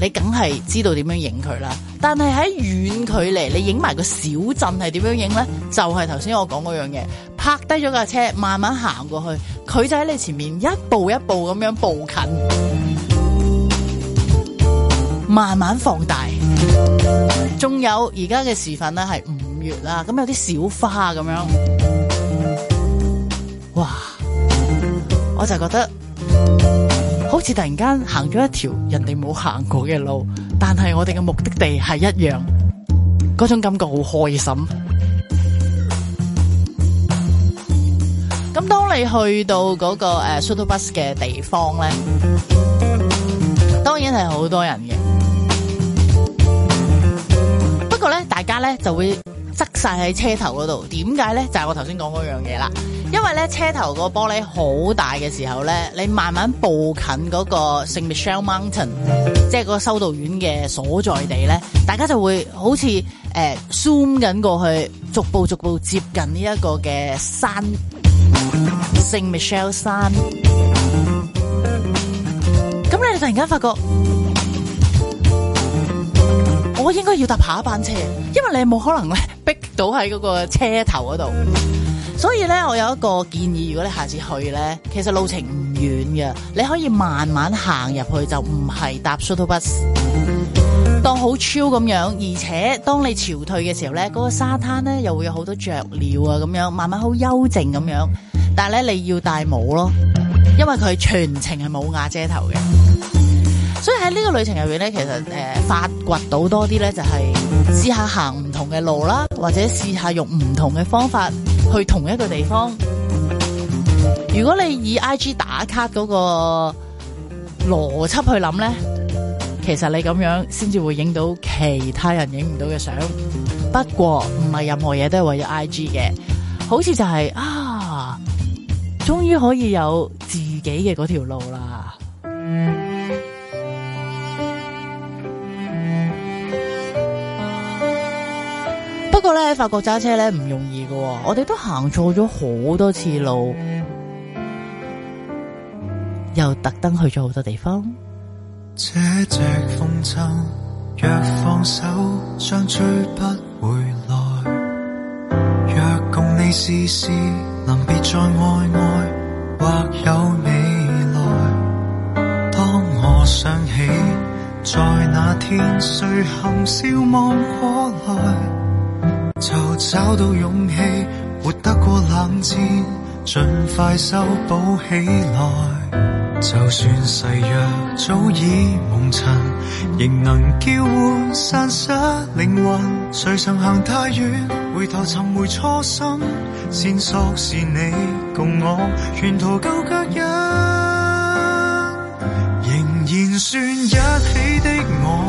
你梗係知道點樣影佢啦，但係喺遠距離你影埋個小鎮係點樣影呢？就係頭先我講嗰樣嘢，拍低咗架車，慢慢行過去，佢就喺你前面一步一步咁樣步近，慢慢放大。仲有而家嘅時份呢，係五月啦，咁有啲小花咁樣，哇！我就覺得。好似突然間行咗一條人哋冇行過嘅路，但係我哋嘅目的地係一樣，嗰種感覺好開心。咁 <music> 當你去到嗰、嗰個誒、呃、shuttle bus 嘅地方咧，當然係好多人嘅，不過咧大家咧就會。執晒喺車頭嗰度，點解咧？就係、是、我頭先講嗰樣嘢啦。因為咧，車頭個玻璃好大嘅時候咧，你慢慢步近嗰個聖 Michelle Mountain，即係個修道院嘅所在地咧，大家就會好似誒、呃、zoom 緊過去，逐步逐步接近呢一個嘅山，聖 Michelle 山。咁你突然間發覺。我應該要搭下一班車，因為你冇可能逼到喺嗰個車頭嗰度。所以咧，我有一個建議，如果你下次去咧，其實路程唔遠嘅，你可以慢慢行入去，就唔係搭 shuttle bus，當好 chill 咁樣。而且當你潮退嘅時候咧，嗰個沙灘咧又會有好多雀鳥啊咁樣，慢慢好幽靜咁樣。但係咧，你要戴帽咯，因為佢全程係冇瓦遮頭嘅。所以喺呢個旅程入邊咧，其實誒、呃，發掘到多啲咧，就係試下行唔同嘅路啦，或者試下用唔同嘅方法去同一個地方。如果你以 IG 打卡嗰個邏輯去諗咧，其實你咁樣先至會影到其他人影唔到嘅相。不過唔係任何嘢都係為咗 IG 嘅，好似就係、是、啊，終於可以有自己嘅嗰條路啦。不過咧喺法國揸車呢唔容易嘅，我哋都行錯咗好多次路，又特登去咗好多地方。這隻風箏若放手，將追不回來。若共你事事能別再愛愛，或有未來。當我想起，在那天誰含笑望過來。就找到勇氣，活得過冷戰，盡快修補起來。就算誓約早已蒙塵，仍能交換散失靈魂。誰曾行太遠，回頭尋回初心。線索是你共我，沿途舊腳印，仍然算一起的我。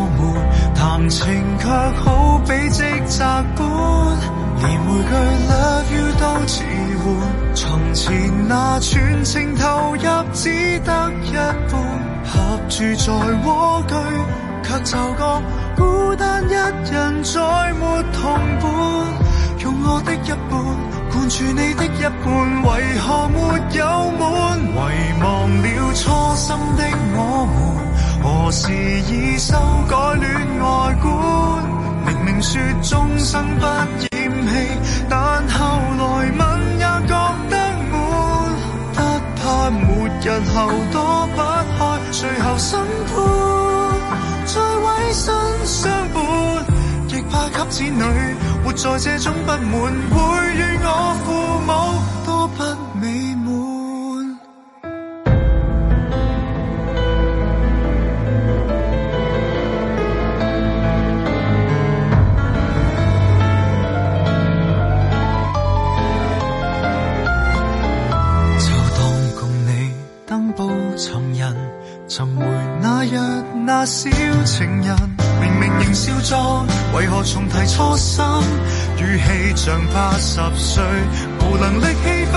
情卻好比職責般，連每句 love you 都遲緩。從前那全情投入只得一半，合住在蝸居，卻就覺孤單一人再沒同伴。用我的一半灌住你的一半，為何沒有滿？遺忘了初心的。時已修改戀愛觀，明明說終生不嫌棄，但後來問也覺得悶。不怕末日後躲不開，最後審判。再委身相伴，亦怕給子女活在這種不滿，會與我父母多不。小情人明明仍笑著，為何重提初心？語氣像八十歲，無能力氣憤。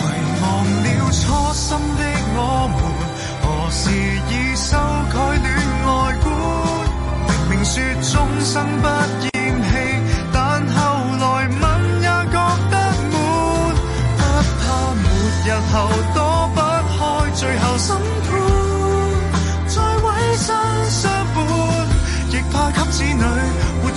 遺忘了初心的我們，何時已修改戀愛觀？明明說終生不。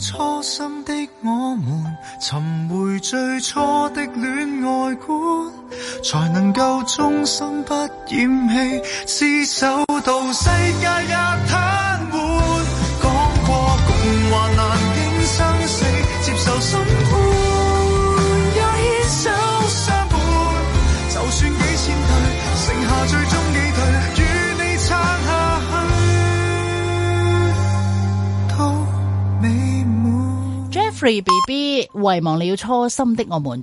初心的我們，尋回最初的戀愛觀，才能夠終生不厭棄，廝守到世界也老。b B B，遺忘了初心的我們，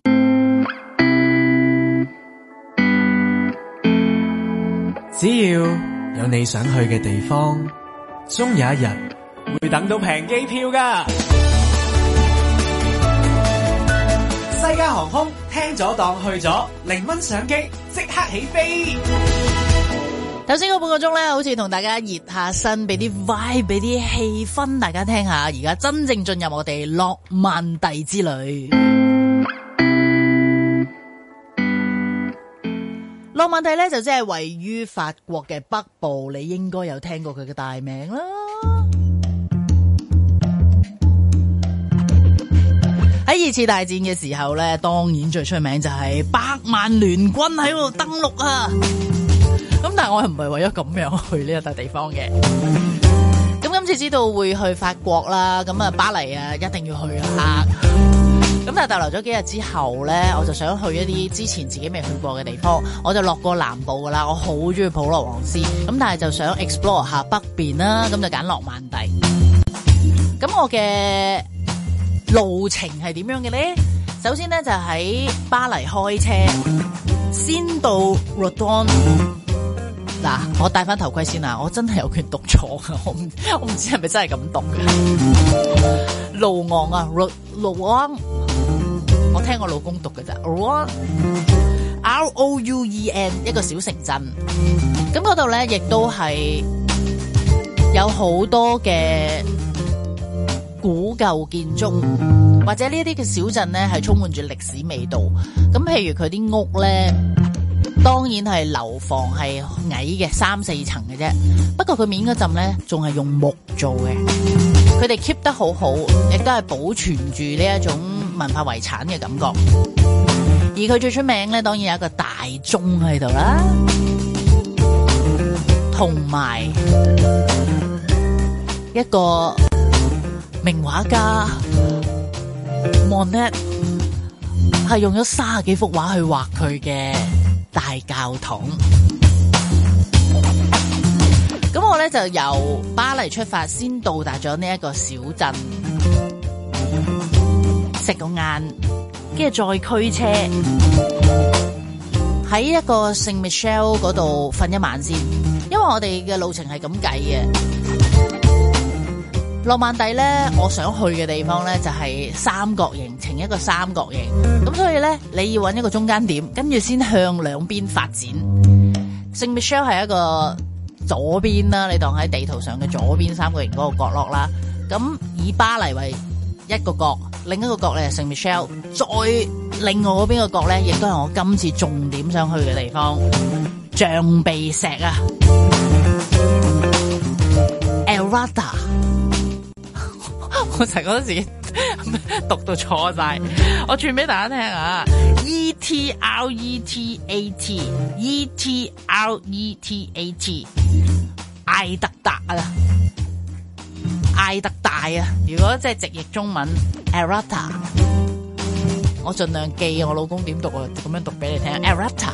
只要有你想去嘅地方，終有一日會等到平機票㗎。西加航空聽咗檔去咗零蚊相機，即刻起飛。頭先個半個鐘咧，好似同大家熱下身，俾啲 vibe，俾啲氣氛，大家聽下。而家真正進入我哋諾曼第之旅。諾曼第咧就即係位於法國嘅北部，你應該有聽過佢嘅大名啦。喺二次大戰嘅時候咧，當然最出名就係百萬聯軍喺度登陸啊！咁但係我係唔係為咗咁樣去呢一笪地方嘅？咁今次知道會去法國啦，咁啊巴黎啊一定要去一下。咁但係逗留咗幾日之後咧，我就想去一啲之前自己未去過嘅地方。我就落過南部噶啦，我好中意普羅旺斯。咁但係就想 explore 下北邊啦，咁就揀諾曼第。咁我嘅路程係點樣嘅咧？首先咧就喺巴黎開車，先到 Rouen 嗱，我戴翻頭盔先啊！我真係有權讀錯啊！我我唔知係咪真係咁讀嘅。路昂啊，路昂，我聽我老公讀嘅咋。路昂，R O U E N，一個小城鎮。咁嗰度咧，亦都係有好多嘅古舊建築，或者呢啲嘅小鎮咧，係充滿住歷史味道。咁譬如佢啲屋咧。當然係樓房係矮嘅，三四層嘅啫。不過佢面嗰陣咧，仲係用木做嘅。佢哋 keep 得好好，亦都係保存住呢一種文化遺產嘅感覺。而佢最出名咧，當然有一個大鐘喺度啦，同埋一個名畫家 Monet 係用咗三十幾幅畫去畫佢嘅。大教堂。咁我咧就由巴黎出發，先到達咗呢一個小鎮，食個晏，跟住，再驅車喺一個聖 Michel 嗰度瞓一晚先，因為我哋嘅路程係咁計嘅。浪曼地咧，我想去嘅地方咧就係、是、三角形，呈一個三角形。咁所以咧，你要搵一個中間點，跟住先向兩邊發展。聖米 l e 係一個左邊啦，你當喺地圖上嘅左邊三角形嗰個角落啦。咁以巴黎為一個角，另一個角咧聖米 l e 再另外嗰邊個角咧，亦都係我今次重點想去嘅地方——象鼻石啊，El r a t a 我成嗰時讀到錯晒， <laughs> 我轉俾大家聽啊！E T R E T A T E T R E T A T，艾特達啊，艾特大啊！如果即係直譯中文 e r a t a 我盡量記我老公點讀,我就咁樣讀 Ar ata, Ar ata 啊，咁樣讀俾你聽 e r a t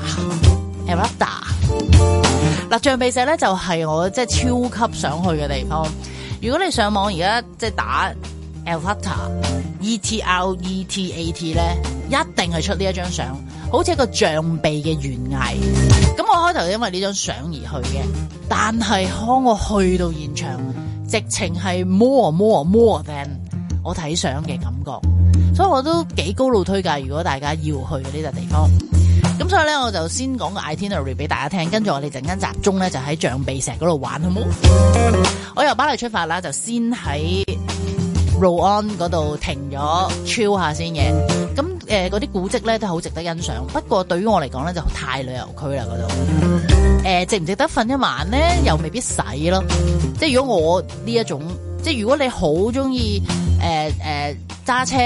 a a r a t a 嗱，象鼻石咧就係、是、我即係超級想去嘅地方。如果你上網而家即係打。Etretat，E T R E T A T 咧，一定係出呢一張相，好似一個象鼻嘅懸崖。咁我開頭因為呢張相而去嘅，但係可我去到現場，直情係摸啊摸啊摸啊 than 我睇相嘅感覺，所以我都幾高度推介。如果大家要去嘅呢笪地方，咁所以咧，我就先講個 itinerary 俾大家聽，跟住我哋陣間集中咧就喺象鼻石嗰度玩，好冇？我由巴黎出發啦，就先喺。羅安嗰度停咗，chill 下先嘅。咁誒，嗰、呃、啲古蹟咧都好值得欣賞。不過對於我嚟講咧，就太旅遊區啦嗰度。誒、呃，值唔值得瞓一晚咧？又未必使咯。即係如果我呢一種，即係如果你好中意，誒、呃、誒，揸、呃、車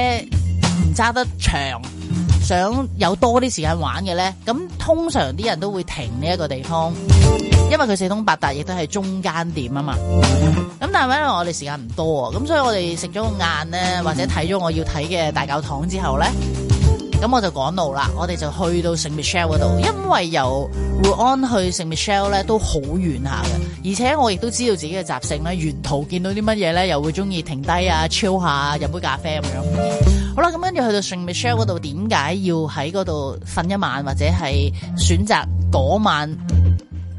唔揸得長，想有多啲時間玩嘅咧，咁通常啲人都會停呢一個地方。因為佢四通八達，亦都係中間點啊嘛。咁但係因為我哋時間唔多喎，咁所以我哋食咗個晏咧，或者睇咗我要睇嘅大教堂之後咧，咁我就趕路啦。我哋就去到聖 Michelle 嗰度，因為由 Rouen 去聖 Michelle 咧都好遠下嘅，而且我亦都知道自己嘅習性呢，沿途見到啲乜嘢咧，又會中意停低啊，超下，飲杯咖啡咁樣。好啦，咁跟住去到聖 Michelle 嗰度，點解要喺嗰度瞓一晚，或者係選擇嗰晚？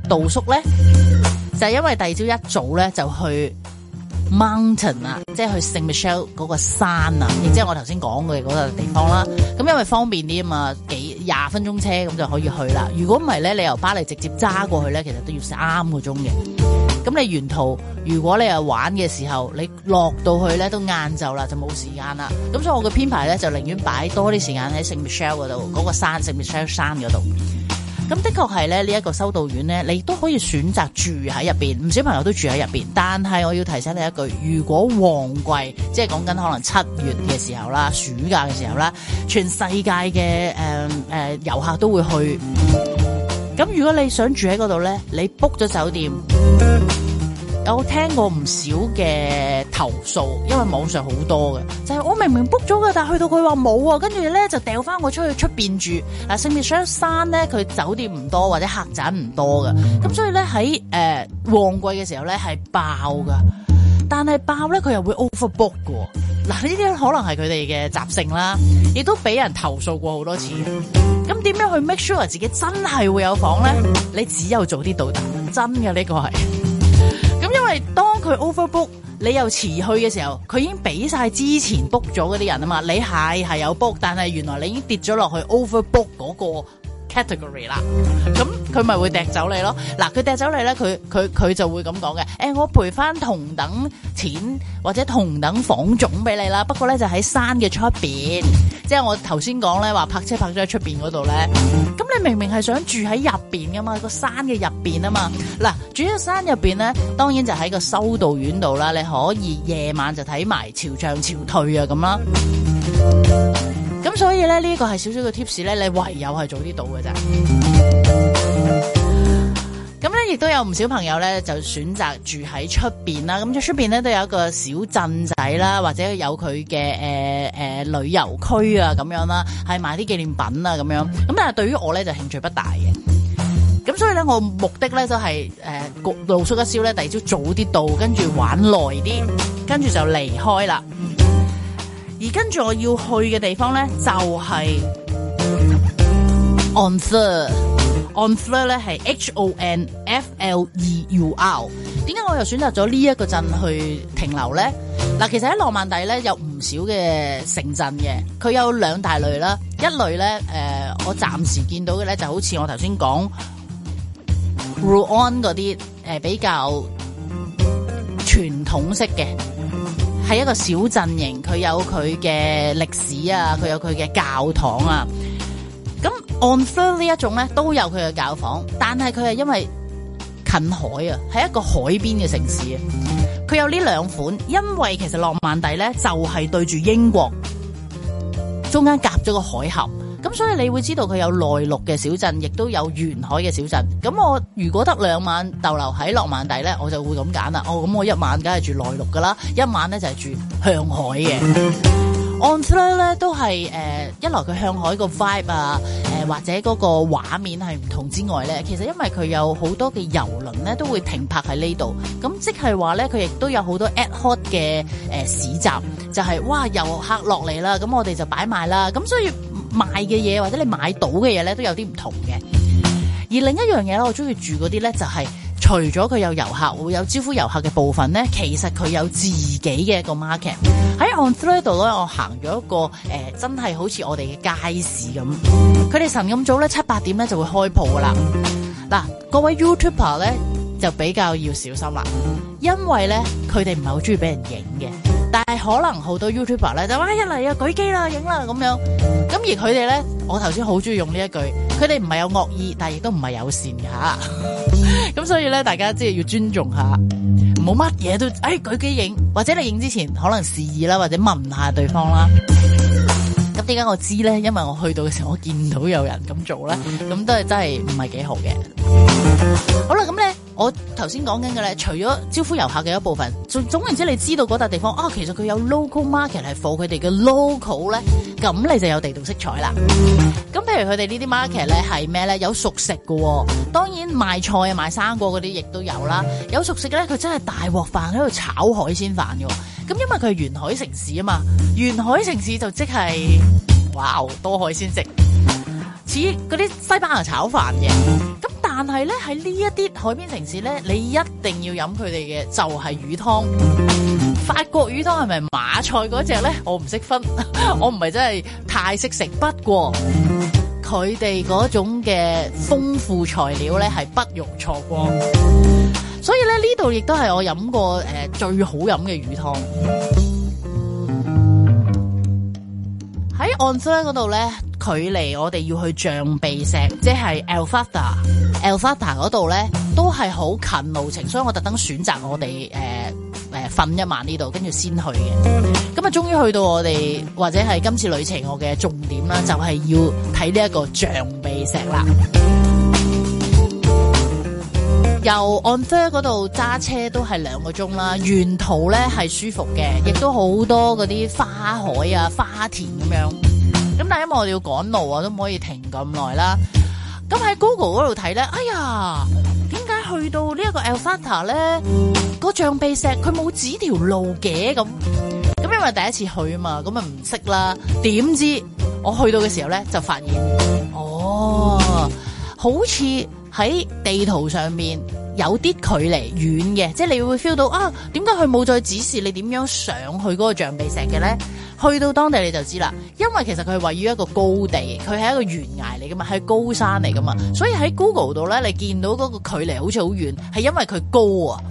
度叔咧就係因為第二朝一早咧就去 Mountain 啊，即係去聖 Michelle 嗰個山啊，亦即係我頭先講嘅嗰個地方啦。咁因為方便啲啊嘛，幾廿分鐘車咁就可以去啦。如果唔係咧，你由巴黎直接揸過去咧，其實都要三個鐘嘅。咁你沿途如果你係玩嘅時候，你落到去咧都晏晝啦，就冇時間啦。咁所以我嘅編排咧就寧願擺多啲時間喺聖 Michelle 嗰度，嗰個山聖 Michelle 山嗰度。咁的確係咧，呢、這、一個修道院呢，你都可以選擇住喺入面。唔少朋友都住喺入面，但係我要提醒你一句，如果旺季，即係講緊可能七月嘅時候啦、暑假嘅時候啦，全世界嘅、呃呃、遊客都會去。咁、嗯、如果你想住喺嗰度呢，你 book 咗酒店。有聽過唔少嘅投訴，因為網上好多嘅，就係、是、我明明 book 咗嘅，但係去到佢話冇喎，跟住咧就掉翻我出去出邊住。嗱、啊，聖迭山山咧，佢酒店唔多或者客棧唔多㗎。咁所以咧喺誒旺季嘅時候咧係爆噶，但係爆咧佢又會 overbook 喎。嗱呢啲可能係佢哋嘅習性啦，亦都俾人投訴過好多次。咁點樣去 make sure 自己真係會有房咧？你只有早啲到達，真嘅呢個係。因為當佢 overbook，你又遲去嘅時候，佢已經畀晒之前 book 咗嗰啲人啊嘛，你係係有 book，但係原來你已經跌咗落去 overbook 嗰、嗰個。啦，咁佢咪會掟走你咯？嗱，佢掟走你咧，佢佢佢就會咁講嘅。誒、哎，我賠翻同等錢或者同等房總俾你啦，不過咧就喺山嘅出邊，即係我頭先講咧話泊車泊咗喺出邊嗰度咧。咁你明明係想住喺入邊噶嘛，那個山嘅入邊啊嘛。嗱，住喺山入邊咧，當然就喺個修道院度啦。你可以夜晚就睇埋潮漲潮退啊咁啦。咁所以咧，呢個係少少嘅 tips 咧，你唯有係早啲到嘅咋。咁咧，亦 <noise> 都樂有唔少朋友咧，就選擇住喺出邊啦。咁出邊咧都有一個小鎮仔啦，或者有佢嘅誒誒旅遊區啊，咁樣啦，係買啲紀念品啊，咁樣。咁但係對於我咧就興趣不大嘅。咁所以咧，我目的咧就係、是、誒、呃，露宿一宵咧，第二朝早啲到，跟住玩耐啲，跟住就離開啦。而跟住我要去嘅地方咧，就係 Honfleur。Honfleur 咧係 H O N F L E U R。點解我又選擇咗呢一個鎮去停留咧？嗱，其實喺羅曼底咧有唔少嘅城鎮嘅，佢有兩大類啦。一類咧，誒、呃，我暫時見到嘅咧就好似我頭先講 Rouen 嗰啲，誒，比較傳統式嘅。係一個小鎮型，佢有佢嘅歷史啊，佢有佢嘅教堂啊。咁 Honfleur 呢一種咧都有佢嘅教堂，但係佢係因為近海啊，係一個海邊嘅城市。佢、嗯、有呢兩款，因為其實浪漫地咧就係、是、對住英國，中間夾咗個海峽。咁所以你會知道佢有內陸嘅小鎮，亦都有沿海嘅小鎮。咁我如果得兩晚逗留喺諾曼第咧，我就會咁揀啦。哦，咁我一晚梗係住內陸㗎啦，一晚咧就係住向海嘅。昂斯勒咧都係、呃、一來佢向海個 vibe 啊、呃，或者嗰個畫面係唔同之外咧，其實因為佢有好多嘅遊輪咧都會停泊喺呢度，咁即係話咧佢亦都有好多 ad hoc 嘅、呃、市集，就係、是、哇遊客落嚟啦，咁我哋就擺賣啦，咁所以。賣嘅嘢或者你買到嘅嘢咧都有啲唔同嘅，而另一樣嘢咧我中意住嗰啲咧就係、是、除咗佢有遊客會有招呼遊客嘅部分咧，其實佢有自己嘅一個 market 喺 On Thru 呢度咧， <music> do，我行咗一個誒、呃、真係好似我哋嘅街市咁，佢哋晨咁早咧七八點咧就會開鋪噶啦。嗱， <music> 各位 YouTuber 咧就比較要小心啦，因為咧佢哋唔係好中意俾人影嘅。但係可能好多 YouTuber 咧就話「一嚟啊舉機啦影啦」咁樣，咁而佢哋咧，我頭先好中意用呢一句，佢哋唔係有惡意，但係亦都唔係友善嚇，咁 <laughs> 所以咧大家即係要尊重下，冇乜嘢都誒、哎、舉機影，或者你影之前可能示意啦，或者問下對方啦。咁點解我知咧？因為我去到嘅時候，我見到有人咁做咧，咁都係真係唔係幾好嘅。好啦，咁咧。我頭先講緊嘅咧，除咗招呼遊客嘅一部分，總總言之，你知道嗰笪地方啊，其實佢有 local market 係 for 佢哋嘅 local 咧，咁你就有地道色彩啦。咁譬如佢哋呢啲 market 咧係咩咧？有熟食喎、哦，當然賣菜啊賣生果嗰啲亦都有啦。有熟食嘅咧，佢真係大鑊飯喺度炒海鮮飯嘅。咁因為佢係沿海城市啊嘛，沿海城市就即係哇，多海鮮食，似嗰啲西班牙炒飯嘅。但係咧，喺呢一啲海邊城市咧，你一定要飲佢哋嘅就係、是、魚湯。法國魚湯係咪馬賽嗰隻咧？我唔識分，我唔係真係太識食。不過佢哋嗰種嘅豐富材料咧，係不容錯過。所以咧，呢度亦都係我飲過誒、呃、最好飲嘅魚湯。喺 Onze 嗰度咧，距離我哋要去象鼻石，即係 El Farra El Farra 嗰度咧，都係好近路程，所以我特登選擇我哋誒誒瞓一晚呢度，跟住先去嘅。咁啊，終於去到我哋或者係今次旅程我嘅重點啦，就係要睇呢一個象鼻石啦。由 Onfer 嗰度揸車都係兩個鐘啦，沿途咧係舒服嘅，亦都好多嗰啲花海啊、花田咁樣。咁但係因為我哋要趕路啊，都唔可以停咁耐啦。咁喺 Google 嗰度睇咧，哎呀，點解去到呢一個 Alfata 咧，個象鼻石佢冇指條路嘅咁？咁因為第一次去啊嘛，咁咪唔識啦。點知我去到嘅時候咧，就發現，哦，好似。喺地圖上面有啲距離遠嘅，即係你會 feel 到啊，點解佢冇再指示你點樣上去嗰個象鼻石嘅咧？去到當地你就知啦，因為其實佢係位於一個高地，佢係一個懸崖嚟噶嘛，係高山嚟噶嘛，所以喺 Google 度咧，你見到嗰個距離好似好遠，係因為佢高啊，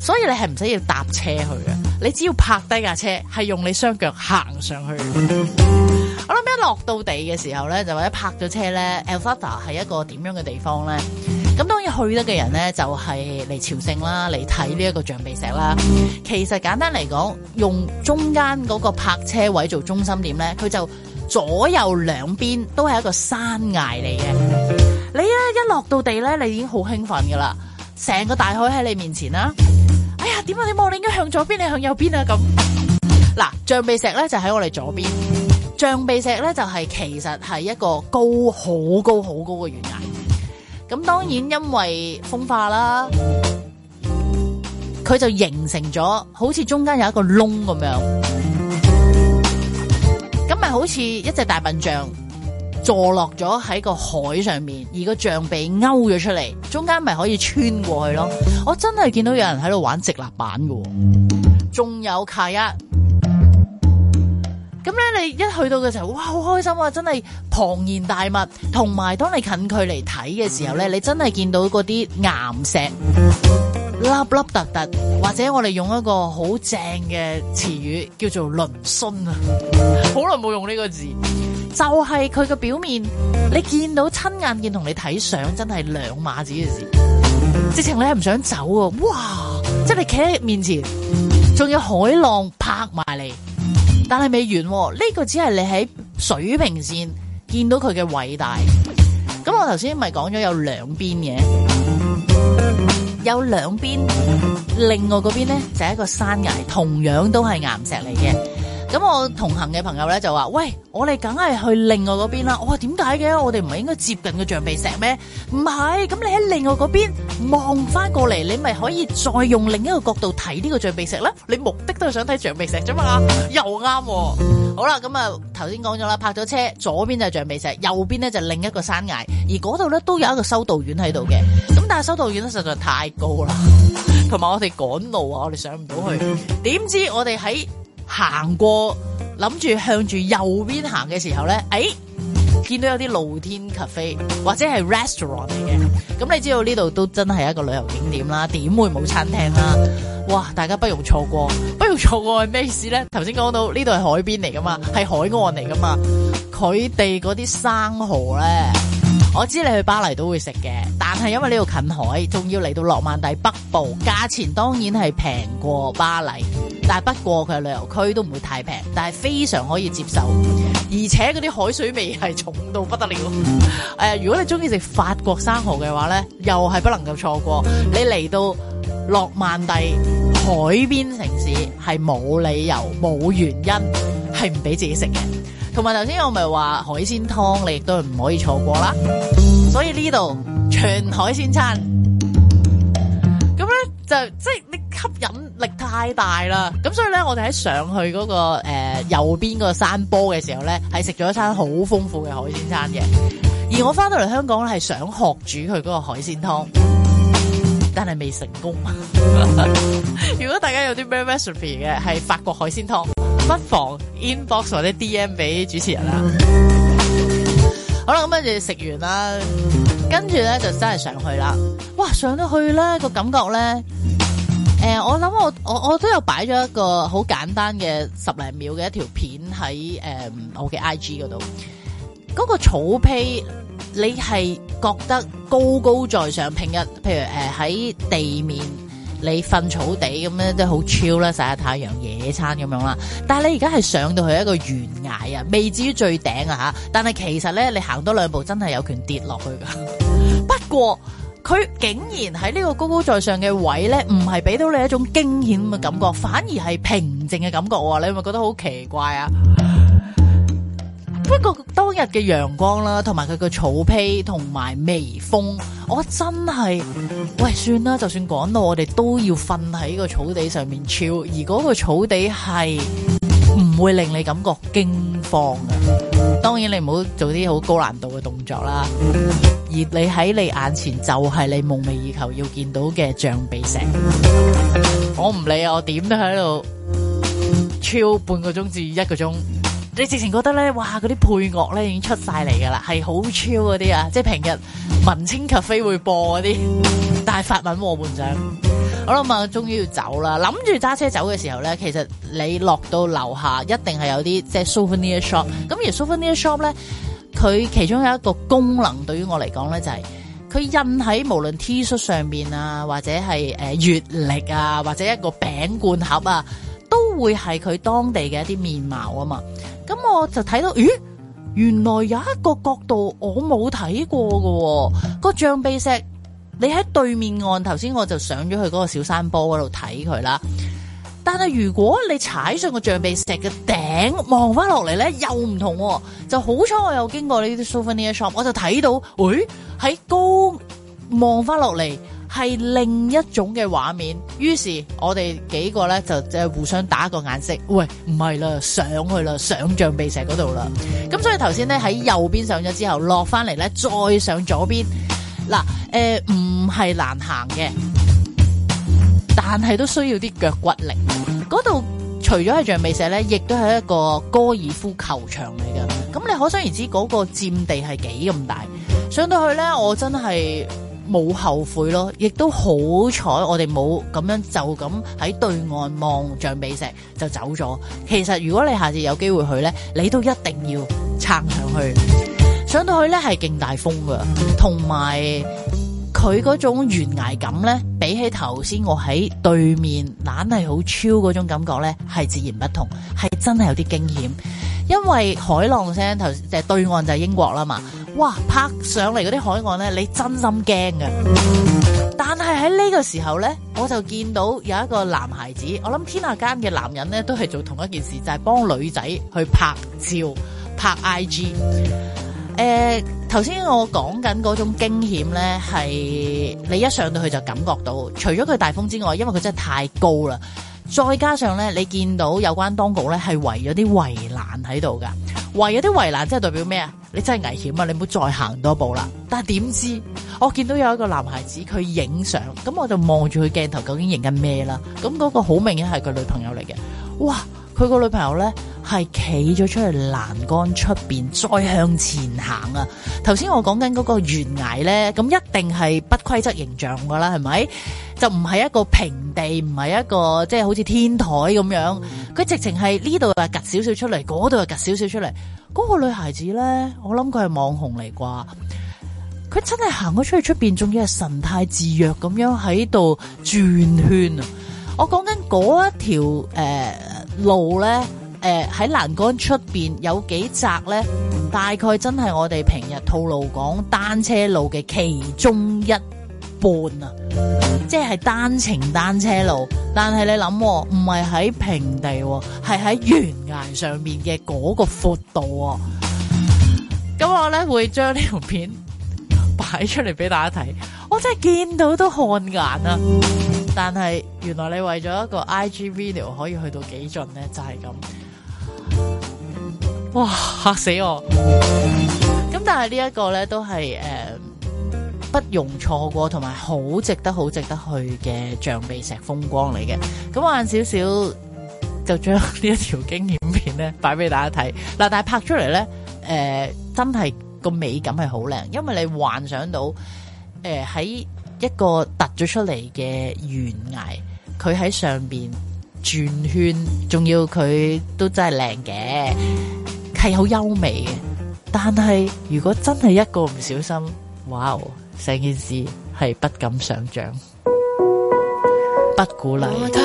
所以你係唔使要搭車去啊，你只要泊低架車，係用你雙腳行上去。我諗一落到地嘅時候咧，就或者泊咗車咧，Elvata 係一個點樣嘅地方咧？咁當然去得嘅人咧，就係嚟朝聖啦，嚟睇呢一個象鼻石啦。其實簡單嚟講，用中間嗰個泊車位做中心點咧，佢就左右兩邊都係一個山崖嚟嘅。你咧一落到地咧，你已經好興奮噶啦，成個大海喺你面前啦。哎呀，點解、啊、你望你應該向左邊，你向右邊啊？咁嗱，象鼻石咧就喺我哋左邊。象鼻石咧就係、是、其實係一個高好高好高嘅懸崖，咁當然因為風化啦，佢就形成咗好似中間有一個窿咁樣，咁咪好似一隻大笨象坐落咗喺個海上面，而個象鼻勾咗出嚟，中間咪可以穿過去咯。我真係見到有人喺度玩直立板㗎，仲有卡一。咁咧，你一去到嘅時候，哇，好開心啊！真係龐然大物，同埋當你近距離睇嘅時候咧，你真係見到嗰啲岩石粒粒突突，或者我哋用一個好正嘅詞語叫做嶙峋啊！好耐冇用呢個字，就係佢嘅表面，你見到親眼見同你睇相，真係兩碼子嘅事，直情你係唔想走啊！哇，即係你企喺面前，仲有海浪拍埋嚟。但係未完，呢個只係你喺水平線見到佢嘅偉大。咁我頭先咪講咗有兩邊嘅，有兩邊，另外嗰邊咧就係一個山崖，同樣都係岩石嚟嘅。咁我同行嘅朋友咧就話：喂，我哋梗係去另外嗰邊啦。我話點解嘅？我哋唔係應該接近個象鼻石咩？唔係，咁你喺另外嗰邊望翻過嚟，你咪可以再用另一個角度睇呢個象鼻石咧。你目的都係想睇象鼻石啫嘛，又啱。好啦，咁啊頭先講咗啦，泊咗車，左邊就係象鼻石，右邊咧就另一個山崖，而嗰度咧都有一個修道院喺度嘅。咁但係修道院咧，實在太高啦，同埋我哋趕路啊，我哋上唔到去。點知我哋喺？行過諗住向住右邊行嘅時候咧，誒、哎，見到有啲露天 cafe 或者係 restaurant 嚟嘅，咁你知道呢度都真係一個旅遊景點啦，點會冇餐廳啦？哇，大家不容錯過，不容錯過係咩事咧？頭先講到呢度係海邊嚟噶嘛，係海岸嚟噶嘛，佢哋嗰啲生蚝咧。我知你去巴黎都會食嘅，但係因為呢度近海，仲要嚟到諾曼第北部，價錢當然係平過巴黎，但係不過佢係旅遊區，都唔會太平，但係非常可以接受。而且嗰啲海水味係重到不得了。誒、呃，如果你中意食法國生蚝嘅話呢，又係不能夠錯過。你嚟到諾曼第海邊城市，係冇理由、冇原因係唔俾自己食嘅。同埋頭先我咪話海鮮湯，你亦都唔可以錯過啦。所以呢度全海鮮餐，咁咧就即係、就是、你吸引力太大啦。咁所以咧，我哋喺上去嗰、那個、呃、右邊個山坡嘅時候咧，係食咗一餐好豐富嘅海鮮餐嘅。而我返到嚟香港咧，係想學煮佢嗰個海鮮湯，但係未成功。 <laughs> 如果大家有啲咩 recipe 嘅，係法國海鮮湯。不妨 inbox 或者 DM 俾主持人啦、啊。好啦，咁跟住食完啦，跟住咧就真係上去啦。哇，上到去咧個感覺咧，誒、呃，我諗我我我都有擺咗一個好簡單嘅十零秒嘅一條片喺誒、呃、我嘅 IG 嗰度。嗰、那個草皮，你係覺得高高在上，平日譬如誒喺、呃、地面。你瞓草地咁即係好超啦，曬下太陽、野餐咁樣啦。但係你而家係上到去一個懸崖啊，未至於最頂啊嚇。但係其實咧，你行多兩步真係有權跌落去噶。 <laughs> 不過佢竟然喺呢個高高在上嘅位咧，唔係俾到你一種驚險咁嘅感覺，反而係平靜嘅感覺。你係咪覺得好奇怪啊？ <laughs> 不過當日嘅陽光啦，同埋佢個草坯同埋微風，我真係，喂，算啦，就算趕到我哋都要瞓喺個草地上面超，而嗰個草地係唔會令你感覺驚慌嘅。當然你唔好做啲好高難度嘅動作啦，而你喺你眼前就係你夢寐以求要見到嘅象鼻石，我唔理啊，我點都喺度超半個鐘至一個鐘。你直情覺得咧，哇！嗰啲配樂咧已經出晒嚟㗎啦，係好超嗰啲啊！即係平日文青咖啡會播嗰啲，但係法文和伴上。我諗啊，終於要走啦。諗住揸車走嘅時候咧，其實你落到樓下一定係有啲即係 souvenir shop。咁而 souvenir shop 咧，佢其中有一個功能對於我嚟講咧，就係佢印喺無論 T 恤上面啊，或者係月曆啊，或者一個餅罐盒啊。都會係佢當地嘅一啲面貌啊嘛，咁我就睇到，咦，原來有一個角度我冇睇過嘅，哦，個象鼻石，你喺對面岸，頭先我就上咗去嗰個小山坡嗰度睇佢啦。但係如果你踩上個象鼻石嘅頂，望翻落嚟咧，又唔同，哦。就好彩，我又經過呢啲 souvenir shop，我就睇到，誒，喺高望翻落嚟。係另一種嘅畫面，於是我哋幾個咧就就互相打一個眼色，喂，唔係啦，上去啦，上象鼻石嗰度啦。咁所以頭先咧，喺右邊上咗之後，落翻嚟咧，再上左邊，嗱，誒唔係難行嘅，但係都需要啲腳骨力。嗰度除咗係象鼻石咧，亦都係一個哥爾夫球場嚟㗎。咁你可想而知嗰個占地係幾咁大，上到去咧我真係。冇後悔咯，亦都好彩，我哋冇咁樣就咁喺對岸望象鼻石就走咗。其實如果你下次有機會去呢，你都一定要撐上去。上到去呢係勁大風㗎，同埋佢嗰種懸崖感呢，比起頭先我喺對面懶係好超嗰種感覺呢，係截然不同，係真係有啲驚險。因為海浪聲，頭就係對岸就係英國啦嘛，哇，拍上嚟嗰啲海岸咧，你真心驚㗎。但係喺呢個時候咧，我就見到有一個男孩子，我諗天下間嘅男人咧都係做同一件事，就係、是、幫女仔去拍照、拍 IG。誒、呃，頭先我講緊嗰種驚險咧，係你一上到去就感覺到，除咗佢大風之外，因為佢真係太高啦。再加上咧，你見到有關當局咧係圍咗啲圍欄喺度噶，圍咗啲圍欄即係代表咩啊？你真係危險啊！你唔好再行多步啦。但係點知我見到有一個男孩子佢影相，咁我就望住佢鏡頭，究竟影緊咩啦？咁嗰個好明顯係佢女朋友嚟嘅，哇！佢個女朋友咧係企咗出去欄杆出邊，再向前行啊！頭先我講緊嗰個懸崖咧，咁一定係不規則形象噶啦，係咪？就唔係一個平地，唔係一個即係、就是、好似天台咁樣。佢、嗯、直情係呢度啊，趌少少出嚟，嗰度又趌少少出嚟。嗰個女孩子咧，我諗佢係網紅嚟啩。佢真係行咗出去出邊，仲要係神態自若咁樣喺度轉圈啊！我講緊嗰一條誒。呃路咧，誒喺欄杆出邊有幾窄咧？大概真係我哋平日吐露港單車路嘅其中一半啊！即係單程單車路，但係你諗喎，唔係喺平地喎，係喺懸崖上面嘅嗰個闊度啊！咁我咧會將呢條片擺出嚟俾大家睇，我真係見到都汗顏啊！但係原來你為咗一個 I G video 可以去到幾盡呢？就係、是、咁，哇，嚇死我！咁但係呢一個呢，都係誒、呃，不容錯過同埋好值得好值得去嘅象鼻石風光嚟嘅。咁我晏少少就將呢一條經驗片呢擺俾大家睇嗱、呃，但係拍出嚟呢，誒、呃、真係個美感係好靚，因為你幻想到誒喺。呃在一個突咗出嚟嘅懸崖，佢喺上邊轉圈，仲要佢都真係靚嘅，係好優美嘅。但係如果真係一個唔小心，哇、wow，成件事係不敢想象，不鼓勵。我太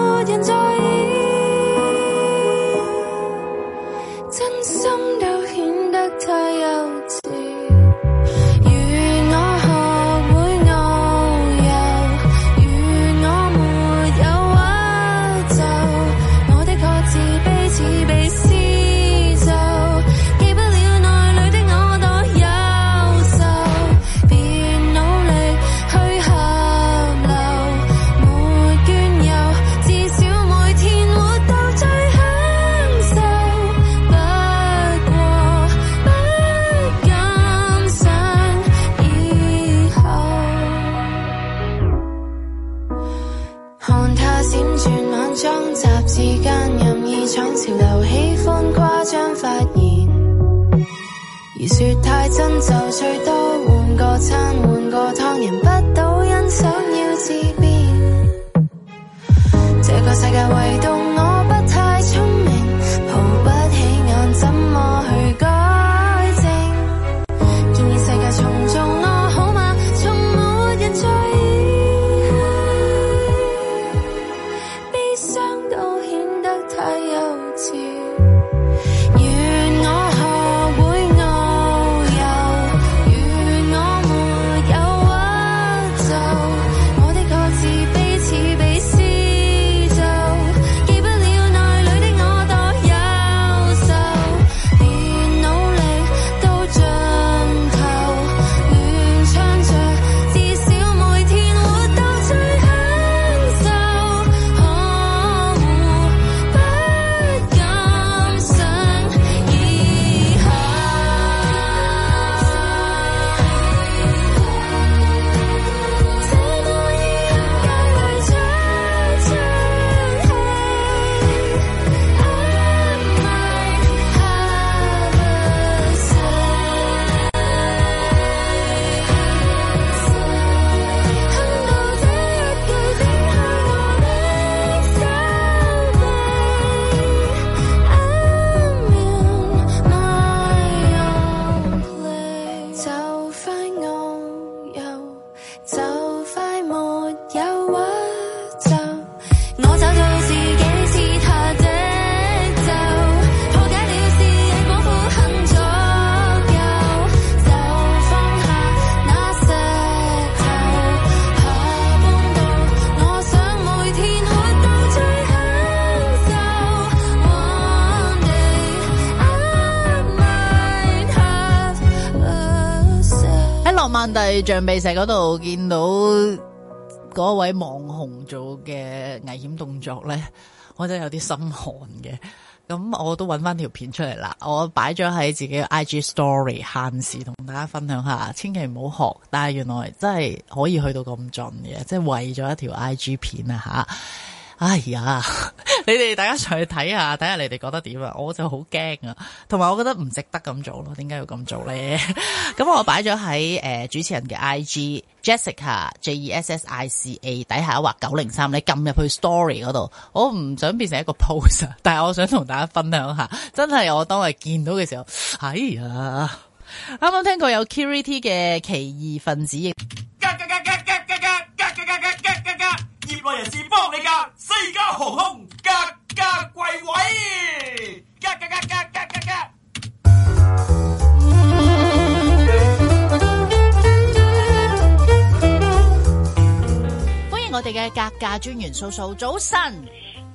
但係象鼻石嗰度見到嗰位網紅做嘅危險動作呢，我真係有啲心寒嘅。咁我都揾翻條片出嚟啦，我擺咗喺自己嘅 I G story 限時同大家分享下，千祈唔好學。但係原來真係可以去到咁盡嘅，即係為咗一條 I G 片啊吓。哎呀！你哋大家上去睇下，睇下你哋覺得點啊？我就好驚啊，同埋我覺得唔值得咁做咯。點解要咁做咧？咁 <laughs> 我擺咗喺誒主持人嘅 I G Jessica J E S S I C A 底下或九零三，你撳入去 Story 嗰度，我唔想變成一個 post，但係我想同大家分享一下，真係我當係見到嘅時候，哎呀！啱啱聽過有 curiosity 嘅奇異分子。業內人士幫你噶，西加航空格價櫃位，格，格，格，格，格，格，格。歡迎我哋嘅格價專員素素。早晨，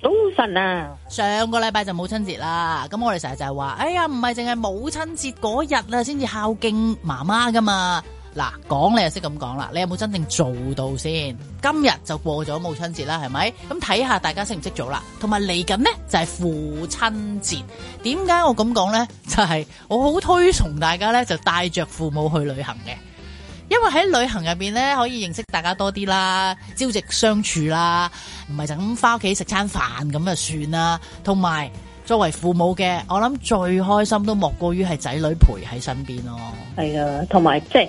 早晨啊！上個禮拜就母親節啦，咁我哋成日就係話，哎呀，唔係淨係母親節嗰日啊，先至孝敬媽媽噶嘛。嗱，講你又識咁講啦，你有冇真正做到先？今日就過咗母親節啦，係咪？咁睇下大家識唔識做啦。同埋嚟緊呢，就係父親節，點解我咁講呢？就係我好推崇大家呢，就帶着父母去旅行嘅，因為喺旅行入邊呢，可以認識大家多啲啦，朝夕相處啦，唔係就咁返屋企食餐飯咁就算啦。同埋作為父母嘅，我諗最開心都莫過於係仔女陪喺身邊咯。係啊，同埋即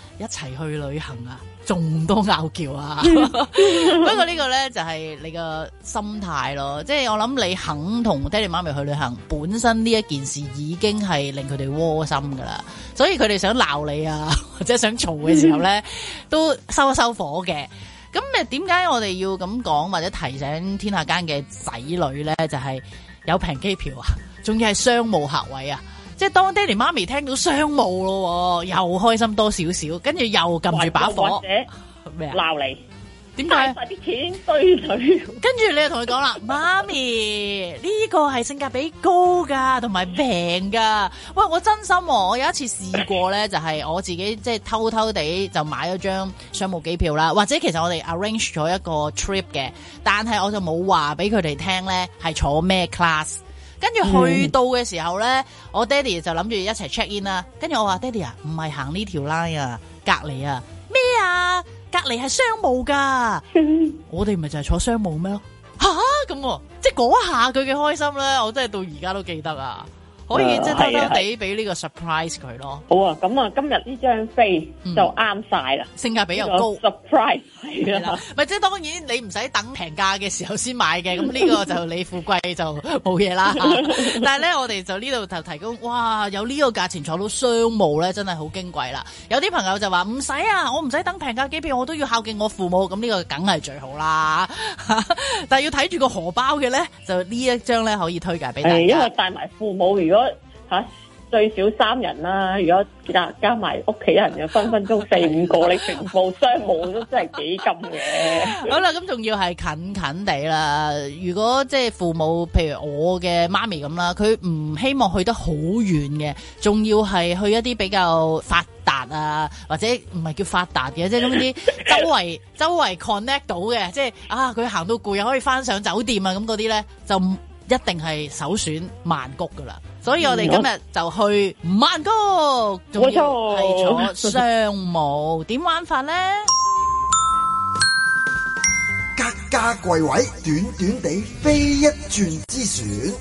一齊去旅行啊，仲多拗撬啊！不過呢個呢，就係你個心態咯，即係我諗你肯同爹哋媽咪去旅行，本身呢一件事已經係令佢哋窩心噶啦，所以佢哋想鬧你啊，或者想嘈嘅時候呢，都收一收火嘅。咁誒，點解我哋要咁講或者提醒天下間嘅仔女呢，就係有平機票啊，仲要係商務客位啊？即係當爹哋媽咪聽到商務咯，又開心多少少，跟住又撳住把火，咩啊鬧你？點解快啲錢對嘴？跟住你又同佢講啦，媽咪呢個係性價比高噶，同埋平噶。喂，我真心我有一次試過咧，就係我自己即係偷偷地就買咗張商務機票啦，或者其實我哋 arrange 咗一個 trip 嘅，但係我就冇話俾佢哋聽咧係坐咩 class。跟住去到嘅時候咧，嗯、我爹哋就諗住一齊 check in 啦。跟住我話爹哋啊，唔係行呢條 line 啊，隔籬啊咩啊，隔籬係商務噶， <laughs> 我哋咪就係坐商務咩咯？吓、啊、咁、啊，即係嗰下佢嘅開心咧，我真係到而家都記得啊！可以即係偷偷地俾呢個 surprise 佢咯。好啊，咁啊今日呢張飛就啱晒啦，性價比又高。surprise 係啦，咪即係當然你唔使等平價嘅時候先買嘅，咁呢個就你富貴就冇嘢啦。但係咧我哋就呢度就提供，哇有呢個價錢坐到商務咧，真係好矜貴啦。有啲朋友就話唔使啊，我唔使等平價機票，我都要孝敬我父母，咁呢個梗係最好啦。但係要睇住個荷包嘅咧，就呢一張咧可以推介俾大家。因為帶埋父母如果。嚇、啊、最少三人啦，如果加加埋屋企人，又分分鐘四五個，你全部商務都真係幾金嘅。好啦，咁仲要係近近地啦。如果即係父母，譬如我嘅媽咪咁啦，佢唔希望去得好遠嘅，仲要係去一啲比較發達啊，或者唔係叫發達嘅，即係咁啲周圍 <laughs> 周圍 connect 到嘅，即、就、係、是、啊，佢行到攰又可以翻上酒店啊，咁嗰啲咧就一定係首選曼谷噶啦。所以我哋今日就去曼谷，仲提咗商務點玩法咧？格價貴位，短短地飛一轉之選，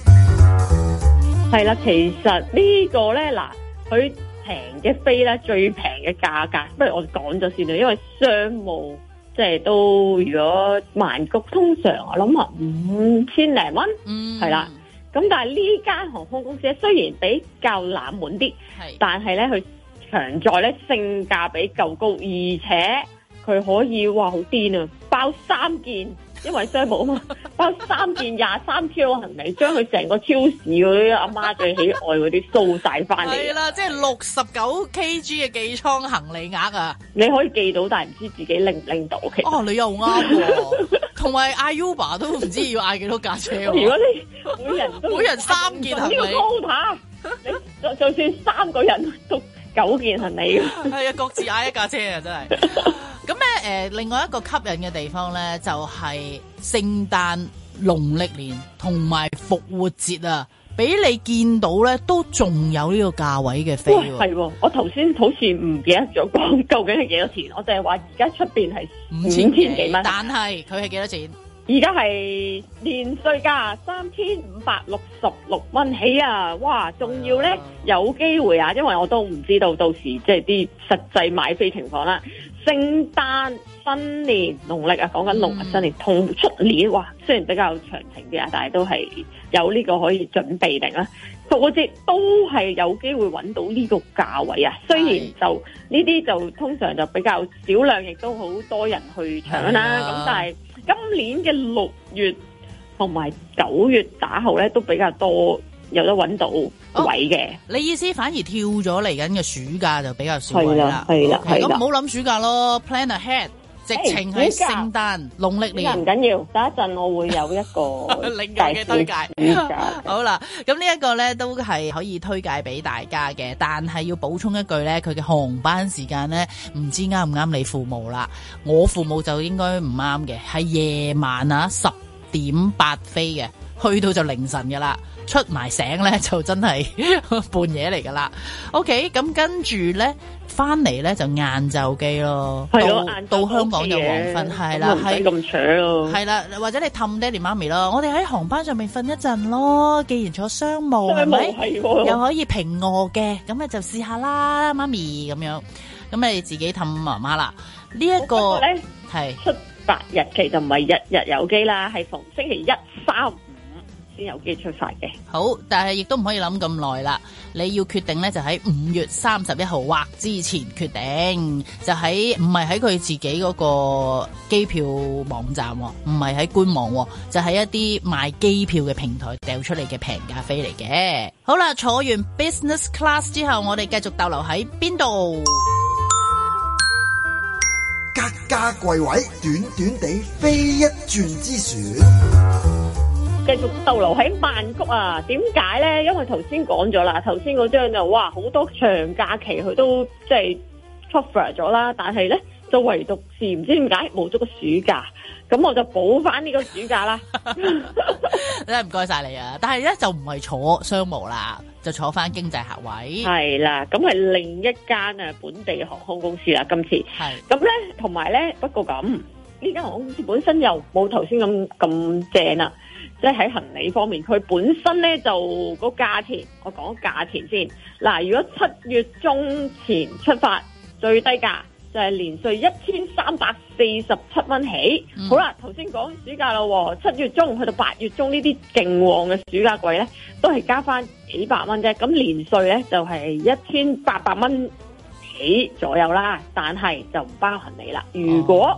係啦。其實呢個咧，嗱，佢平嘅飛咧最平嘅價格，不如我哋講咗先啦。因為商務即係都如果曼谷通常我諗啊五千零蚊，嗯，係啦。咁但係呢間航空公司咧，雖然比較冷門啲，是但係咧佢強在咧性價比夠高，而且佢可以話好癲啊，包三件。因為商務啊嘛，包三件廿三 kg 行李，將佢成個超市嗰啲阿媽最喜愛嗰啲，掃晒翻嚟。係啦，即係六十九 kg 嘅寄倉行李額啊！你可以寄到，但係唔知自己拎唔拎到。其實哦，你又啱，同埋阿 Uber 都唔知要嗌幾多架車。如果你，每人都每人三件係咪？呢個 quota，就就算三個人都。九件行李，係啊，各自嗌一架車啊，真係。咁咧，誒，另外一個吸引嘅地方咧，就係聖誕、農曆年同埋復活節啊，畀你見到咧都仲有呢個價位嘅飛。係喎，我頭先好似唔記得咗講，究竟係幾多錢？我淨係話而家出邊係五千幾蚊，但係佢係幾多錢？而家係年稅價三千五百六十六蚊起啊！哇，仲要呢？有機會啊，因為我都唔知道到時即係啲實際買飛情況啦、啊。聖誕新年農曆啊，講緊農曆新年同出、嗯、年，哇，雖然比較長情啲啊，但係都係有呢個可以準備定啦。復個折都係有機會揾到呢個價位啊！雖然就呢啲就通常就比較少量，亦都好多人去搶啦。咁但係今年嘅六月同埋九月打後呢，都比較多有得揾到位嘅。你意思反而跳咗嚟緊嘅暑假就比較少啦。係啦，係啦，咁唔好諗暑假咯，plan ahead。直情喺聖誕，農曆年唔緊要，等一陣我會有一個另類嘅 <laughs> 推介。 <laughs> 好啦，咁呢一個呢都係可以推介俾大家嘅，但係要補充一句呢佢嘅航班時間呢唔知啱唔啱你父母啦。我父母就應該唔啱嘅，係夜晚啊，十點八飛嘅。去到就凌晨嘅啦，出埋醒咧就真係半夜嚟噶啦。OK，咁跟住咧翻嚟咧就晏晝機咯，到香港就黃昏係啦，喺咁扯咯，係啦的、啊，或者你氹爹哋媽咪咯，我哋喺航班上面瞓一陣咯，既然坐商務係咪，又可以平臥嘅，咁啊就試下啦，媽咪咁樣，咁咪自己氹媽媽啦。這個、呢一個咧係出發日期其實就唔係日日有機啦，係逢星期一三。有機出發嘅，好，但係亦都唔可以諗咁耐啦。你要決定呢，就喺五月三十一號或之前決定，就喺唔係喺佢自己嗰個機票網站，唔係喺官網，就喺、是、一啲賣機票嘅平台掉出嚟嘅平價飛嚟嘅。好啦，坐完 business class 之後，我哋繼續逗留喺邊度？格價貴位，短短地飛一轉之選。繼續逗留喺曼谷啊，點解咧？因為頭先講咗啦，頭先嗰張就哇，好多長假期佢都即係 cover 咗啦，但係咧就唯獨是唔知點解冇咗個暑假，咁我就補翻呢個暑假啦。真係唔該晒你啊！但係咧就唔係坐商務啦，就坐翻經濟客位。係啦，咁係另一間誒本地航空公司啦。今次係咁咧，同埋咧，不過咁呢間航空公司本身又冇頭先咁咁正啦。即係喺行李方面，佢本身呢就、嗰個價錢，我講價錢先。嗱，如果七月中前出發，最低價就係年稅一千三百四十七蚊起。嗯、好啦，頭先講暑假咯，七月中去到八月中呢啲勁旺嘅暑假季呢，都係加翻幾百蚊啫。咁年稅呢，就係一千八百蚊起左右啦，但係就唔包行李啦。如果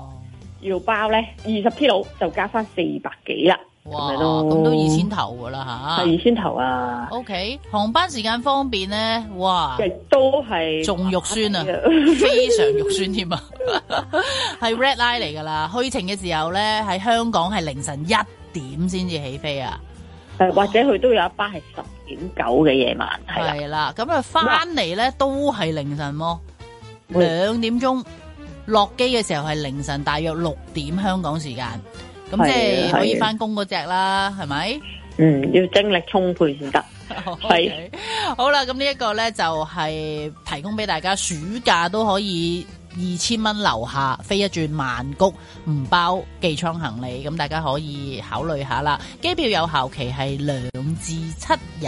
要包呢，二十 kilo 就加翻四百幾啦。哇，咁都二千頭噶啦吓，二、啊、千頭啊。O、okay, K，航班時間方便咧，哇，都係仲肉酸啊，啊非常肉酸添啊，係 <laughs> <laughs> red line 嚟噶啦。去程嘅時候咧，喺香港係凌晨一點先至起飛啊，誒，或者佢都有一班係十點九嘅夜晚係啦。咁啊，翻嚟咧都係凌晨喎、啊。兩喂點鐘落機嘅時候係凌晨大約六點香港時間。即係可以翻工嗰隻啦，係咪的？吧嗯，要精力充沛先得。係、oh, okay. 是好啦，咁呢一個呢，就係、是、提供俾大家，暑假都可以二千蚊樓下飛一轉曼谷，唔包寄艙行李，咁大家可以考慮下啦。機票有效期係兩至七日。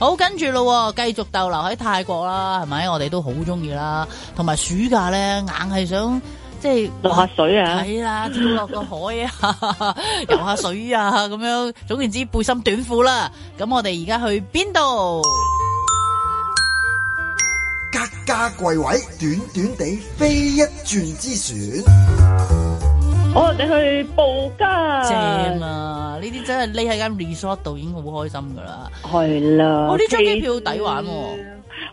好，跟住咯，繼續逗留喺泰國啦，係咪？我哋都好中意啦，同埋暑假呢，硬係想。即係落下水啊！係啦，跳落個海啊，游下水啊，咁樣總言之，背心短褲啦。咁我哋而家去邊度？格價貴位，短短地飛一轉之船。我哋去布加。正啊！呢啲真係匿喺間 resort 度已經好開心噶啦。係啦。我呢張機票抵玩喎。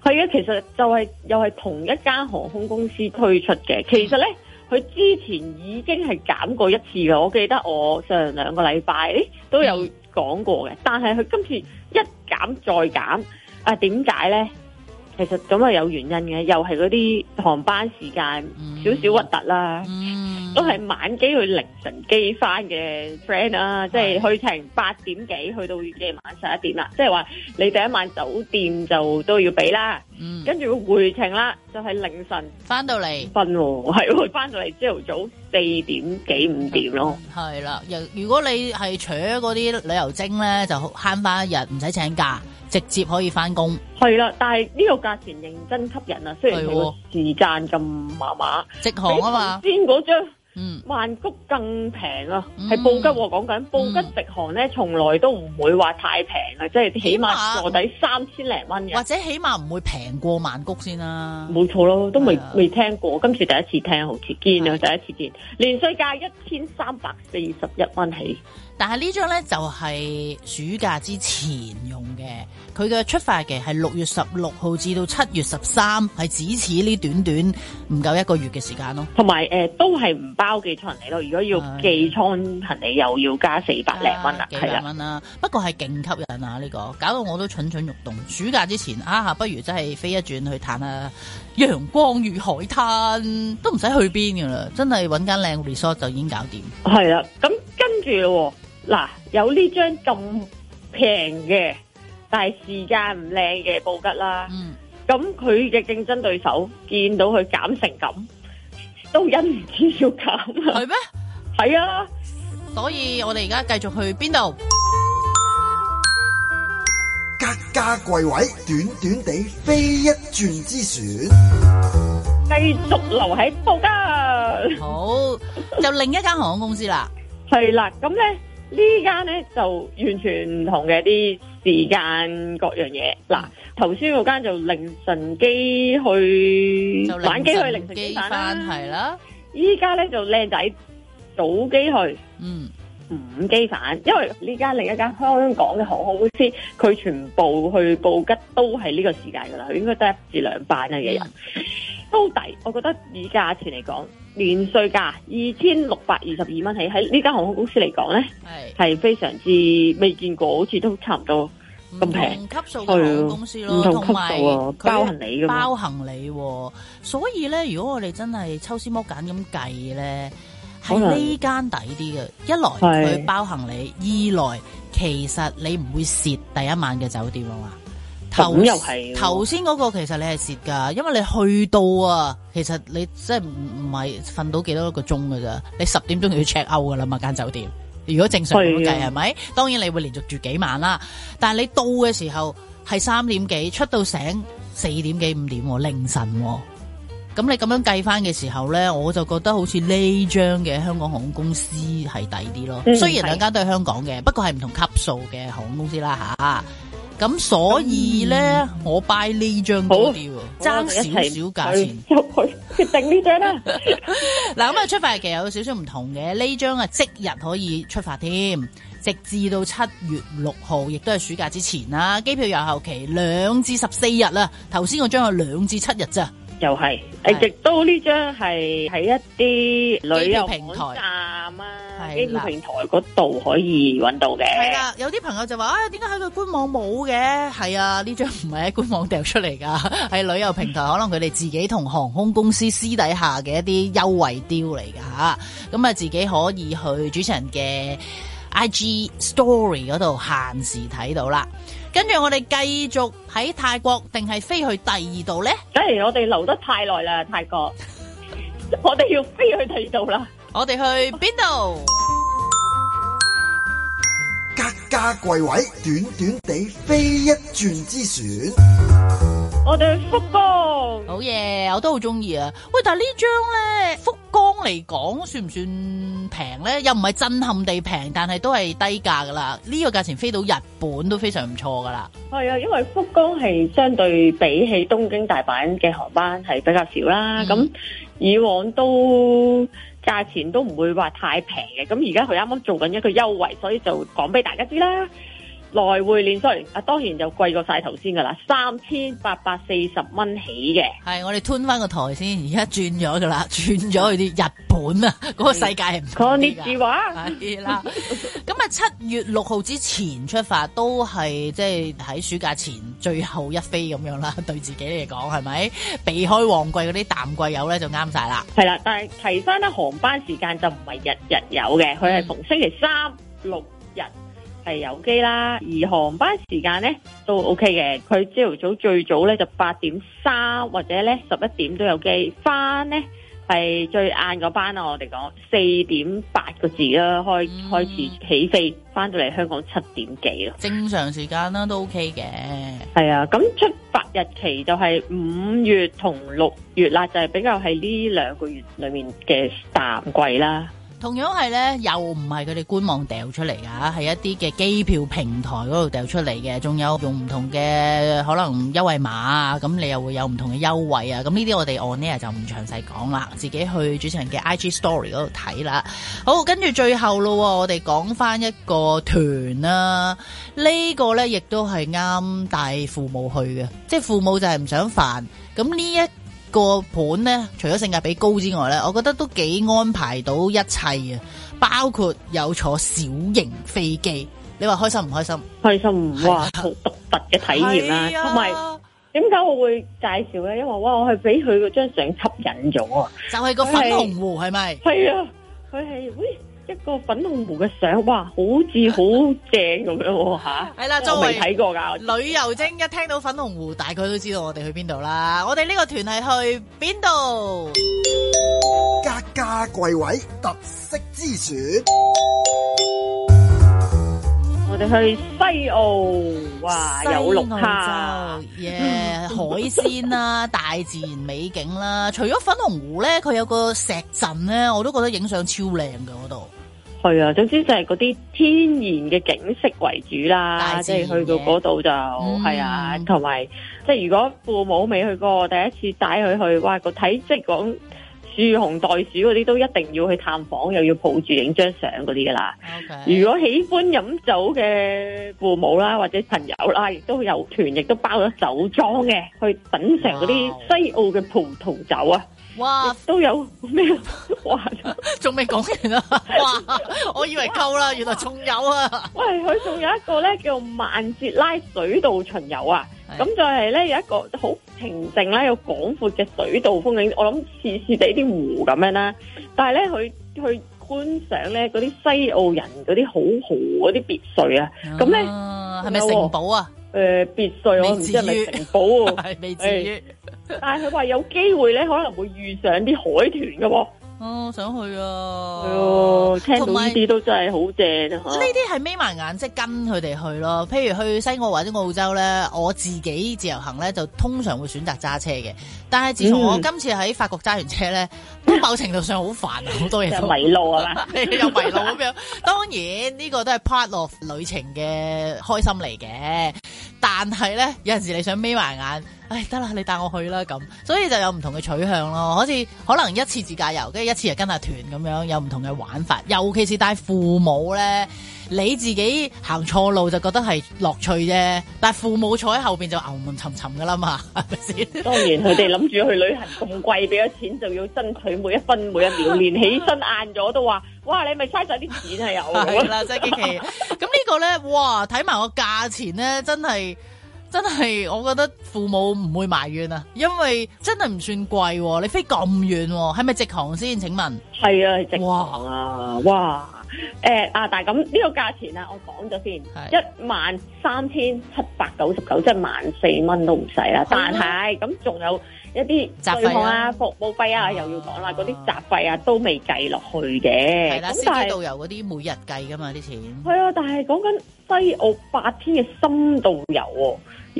係啊，其實就係又係同一間航空公司推出嘅。其實咧。佢之前已經係減過一次嘅，我記得我上兩個禮拜都有講過嘅，但係佢今次一減再減，啊點解咧？.其實咁啊，有原因嘅，又係嗰啲航班時間少少核突啦，都係晚機去凌晨機翻嘅 friend 啊，即係去程八點幾去到夜晚十一點啦，即係話你第一晚酒店就都要俾啦，跟住會回程啦，就係凌晨翻到嚟瞓喎，係喎，翻到嚟朝頭早四點幾五點咯，係啦，如如果你係搶嗰啲旅遊精咧，就慳翻一日唔使請假。直接可以翻工，係啦。但係呢個價錢認真吸引啊！雖然冇時間咁麻麻，直航啊嘛，先嗰張曼谷更平啊，係、嗯、布吉我講緊布吉直航咧，從來都唔會話太平啊，即係、嗯、起碼坐底三千零蚊嘅，或者起碼唔會平過曼谷先啦，冇錯咯，都未未的聽過，今次第一次聽好似堅啊，的第一次見，年稅價一千三百四十一蚊起。但係呢張呢，就係、是、暑假之前用嘅，佢嘅出發期係六月十六號至到七月十三，係只此呢短短唔夠一個月嘅時間咯。同埋、呃、都係唔包寄倉行李咯，如果要寄倉行李又要加四百零蚊啦，係啦的，四百零蚊啦。不過係勁吸引啊！呢、這個搞到我都蠢蠢欲動。暑假之前啊，不如真係飛一轉去探下、啊、陽光與海灘，都唔使去邊㗎啦，真係揾間靚嘅 resort 就已經搞掂。係啦，咁跟住喎。嗱，有呢張咁平嘅，但係時間唔靚嘅布吉啦。嗯，咁佢嘅競爭對手見到佢減成咁，都忍唔住要減啊。係咩？係啊，所以我哋而家繼續去邊度？格價貴位，短短地飛一轉之選，繼續留喺布吉。好，又另一間航空公司啦。係啦，咁咧。這間呢間咧，就完全唔同嘅，啲時間各樣嘢。嗱，頭先嗰間就凌晨機去，晚機去凌晨機翻，係啦。依家咧，就靚仔早機去，嗯，午機翻，因為呢間另一間香港嘅航空公司，佢全部去布吉都係呢個時間噶啦，佢應該得一至兩班啦嘅人。嗯都抵，我覺得以價錢嚟講，年稅價二千六百二十二蚊起，喺呢間航空公司嚟講咧，係係是非常之未見過，好似都差唔多咁平。唔同級數嘅航空公司咯，同埋有包行李嘅，包行李。所以咧，如果我哋真係抽絲剝繭咁計咧，喺呢間抵啲嘅，一來佢包行李，二來其實你唔會蝕第一晚嘅酒店啊。頭又係頭先嗰個，其實你係蝕噶，因為你去到啊，其實你即係唔唔係瞓到幾多個鐘噶咋？你十點鐘就要 check out 噶啦嘛，間酒店。如果正常咁計係咪？當然你會連續住幾晚啦。但係你到嘅時候係三點幾，出到醒四點幾五點，哦，凌晨，哦。咁你咁樣計翻嘅時候咧，我就覺得好似呢張嘅香港航空公司係抵啲咯。嗯、雖然兩間都係香港嘅，是的不過係唔同級數嘅航空公司啦吓。啊咁所以咧，我 buy 呢張多啲，爭少少價錢入去，去，去決定呢張啦。嗱， <laughs> <laughs> 咁啊出發日期有少少唔同嘅，呢張啊即日可以出發添，直至到七月六號，亦都係暑假之前啦。機票又後期兩至十四日啦，頭先我將佢兩至七日咋。就係，誒，亦都呢張係喺一啲旅遊平台啊，旅遊平台嗰度可以揾到嘅。係啦，有啲朋友就話，誒，點解喺佢官網冇嘅？係啊，呢張唔係喺官網掉出嚟噶，係旅遊平台可能佢哋自己同航空公司私底下嘅一啲優惠 deal 嚟噶吓，咁啊自己可以去主持人嘅 IG Story 嗰度限時睇到啦。跟住我哋繼續喺泰國，定係飛去第二度咧？梗係我哋留得太耐啦，泰國， <laughs> 我哋要飛去第二度啦。我哋去邊度？格價貴位，短短地飛一轉之船。我哋福岡好嘢，oh、yeah, 我都好中意啊！喂，但係呢張咧，福岡嚟講算唔算平咧？又唔係震撼地平，但係都係低價噶啦。呢、這個價錢飛到日本都非常唔錯噶啦。係啊，因為福岡係相對比起東京大阪嘅航班係比較少啦。咁、嗯、以往都價錢都唔會話太平嘅。咁而家佢啱啱做緊一個優惠，所以就講俾大家知啦。來回聯宿聯啊，當然就貴過晒頭先噶啦，三千八百四十蚊起嘅。係我哋 turn 翻個台先，而家轉咗噶啦，轉咗佢啲日本啊，嗰 <laughs> 個世界唔同啲噶。係 <laughs> 啦，咁啊七月六號之前出發都係即係喺暑假前最後一飛咁樣啦，對自己嚟講係咪避開旺季嗰啲淡季有咧就啱晒啦。係啦，但係提翻咧航班時間就唔係日日有嘅，佢係逢星期三 <laughs> 六日。係有機啦，而航班時間呢都 O K 嘅。佢朝頭早上最早呢就八點三，或者呢十一點都有機。翻呢係最晏嗰班啦，我哋講四點八個字啦，開、嗯、開始起飛，翻到嚟香港七點幾咯。正常時間啦、啊，都 O K 嘅。係啊，咁出發日期就係五月同六月啦，就係、係、比較係呢兩個月裏面嘅淡季啦。同樣係咧，又唔係佢哋官網掉出嚟㗎，係一啲嘅機票平台嗰度掉出嚟嘅，仲有用唔同嘅可能優惠碼啊，咁你又會有唔同嘅優惠啊，咁呢啲我哋 on air 就唔詳細講啦，自己去主持人嘅 IG story 嗰度睇啦。好，跟住最後咯，我哋講返一個團啦，呢、這個咧亦都係啱帶父母去嘅，即係父母就係唔想煩，咁呢一個盤咧，除咗性價比高之外咧，我覺得都幾安排到一切啊！包括有坐小型飛機，你話開心唔開心？開心，哇，好獨特嘅體驗啊！同埋，點解我會介紹咧？因為哇，我係俾佢嗰張相吸引咗啊！就係個粉紅湖，係咪？係啊，佢係。一個粉紅湖嘅相，哇，好似好正咁樣吓，係啦、 <laughs> 啊，睇過㗎周圍旅遊精，一聽到粉紅湖，大概都知道我哋去邊度啦。我哋呢個團係去邊度？家家貴位特色之選，我哋去西澳，哇，有龍蝦，yeah, <laughs> 海鮮啦，大自然美景啦。 <laughs> 除咗粉紅湖咧，佢有個石陣咧，我都覺得影相超靚嘅嗰度。係啊，總之就係嗰啲天然嘅景色為主啦，即係去到嗰度就係、嗯、啊，同埋即係如果父母未去過，第一次帶佢去，哇個睇即係講樹熊袋鼠嗰啲都一定要去探訪，又要抱住影張相嗰啲㗎喇。Okay. 如果喜歡飲酒嘅父母啦，或者朋友啦，亦都有團亦都包咗酒莊嘅，去品嘗嗰啲西澳嘅葡萄酒啊。Wow. 哇，都有咩話？仲未講完啊！哇，我以為夠啦，原來仲有啊！喂，佢仲有一個咧叫萬捷拉水道巡遊啊！咁就係咧有一個好平靜啦，有廣闊嘅水道風景，我諗似似哋啲湖咁樣啦。但係咧佢去觀賞咧嗰啲西澳人嗰啲好豪嗰啲別墅啊，咁咧係咪城堡啊？誒，別墅我唔知係咪城堡啊？未至於。但係佢話有機會咧，可能會遇上啲海豚㗎喎、哦。哦，想去啊！哦，聽到呢啲都真係好正吓。呢啲係眯埋眼，即係跟佢哋去咯。譬如去西歐或者澳洲咧，我自己自由行咧就通常會選擇揸車嘅。但係自從我今次喺法國揸完車咧，嗯、都某程度上好煩，好 <laughs> 多嘢就迷路啊， <laughs> 又迷路咁樣。 <laughs> 當然呢、這個都係 part of 旅程嘅開心嚟嘅。但係咧，有陣時你想眯埋眼。唉，得啦，你帶我去啦。咁，所以就有唔同嘅取向咯。好似可能一次自駕遊，跟住一次就跟下團咁樣，有唔同嘅玩法。尤其是帶父母咧，你自己行錯路就覺得係樂趣啫，但係父母坐喺後邊就牛悶沉沉噶啦嘛，係咪先？當然，佢哋諗住去旅行咁貴，俾咗錢就要爭取每一分每一秒，連起身晏咗都話：哇，你咪嘥晒啲錢係有啦。即係，真係奇奇。咁呢個咧，哇，睇埋個價錢咧，真係。真係，我覺得父母唔會埋怨啊，因為真係唔算貴喎、啊。你飛咁遠喎，係咪直航先？請問？係啊，直航啊，哇，哇、呃！啊，但係咁呢個價錢啊，我講咗先，一萬三千七百九十九，13, 99, 即係萬四蚊都唔使啦。嗎但係咁仲有。一啲雜、啊、費啊、服務費啊，啊又要講啦，嗰啲雜費啊都未計落去嘅。係啦的，司機導遊嗰啲每日計㗎嘛啲錢。係啊，但係講緊西澳八天嘅深度遊喎、啊，而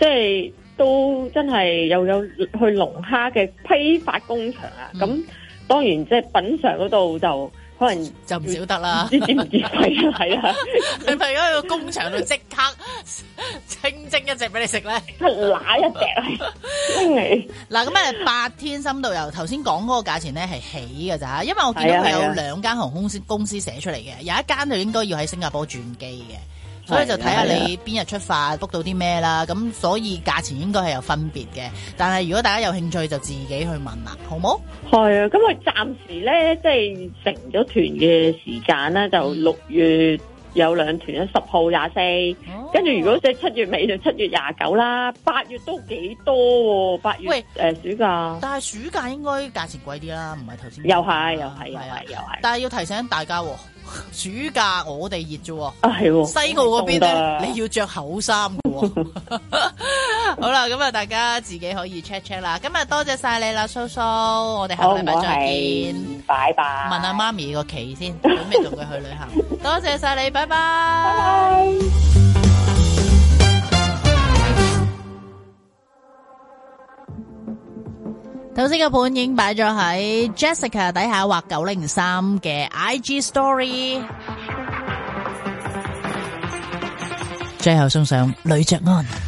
即係都真係又有去龍蝦嘅批發工場啊，咁、嗯、當然即係品嚐嗰度就。可能就唔少得啦，唔知係啊，你咪係喺個工場度即刻清蒸一隻俾你食咧？乸一隻嗱咁誒，八天深度遊頭先講嗰個價錢咧係起㗎咋，因為我見到佢有兩間航空公司公司寫出嚟嘅，有一間就應該要喺新加坡轉機嘅。所以就睇下你邊日出發 book 到啲咩啦，咁所以價錢應該係有分別嘅。但係如果大家有興趣就自己去問啦，好冇？係啊，咁佢暫時咧即係成咗團嘅時間咧就六月有兩團啦，十號、廿四，跟住如果即係七月尾就七月廿九啦，八月都幾多喎？八月喂，誒，暑假，但係暑假應該價錢貴啲啦，唔係頭先又係又係又係又係但係要提醒大家啊。暑假我哋熱啫，啊、西澳嗰邊咧，你要着厚衫喎。 <laughs> <laughs> 好啦，咁啊，大家自己可以 check check 啦。今日多謝晒你啦，蘇蘇，我哋下禮拜再見，拜拜。問下媽咪個期先，準備同佢去旅行。多謝晒你，拜拜。 <laughs> 拜拜。首先個盤已經擺咗喺 Jessica 底下畫九零三嘅 IG Story，最後送上呂爵安。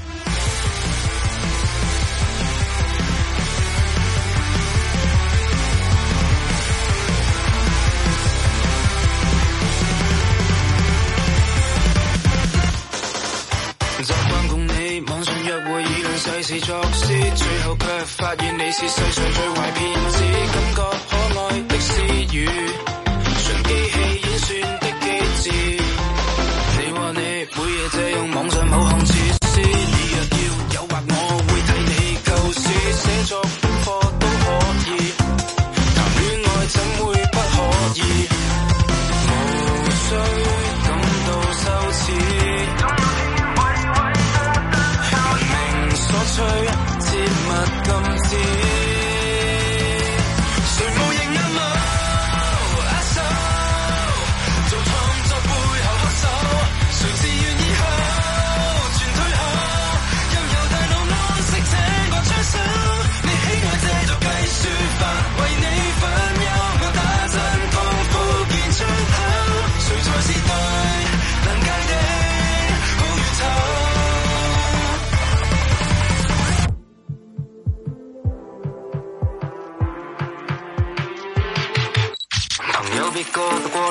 是作詩，最後卻發現你是世上最壞騙子。感覺可愛的私語，純機器演算的機智，你話你每夜借用網上某項設施，你若要誘惑我，會替你構思寫作。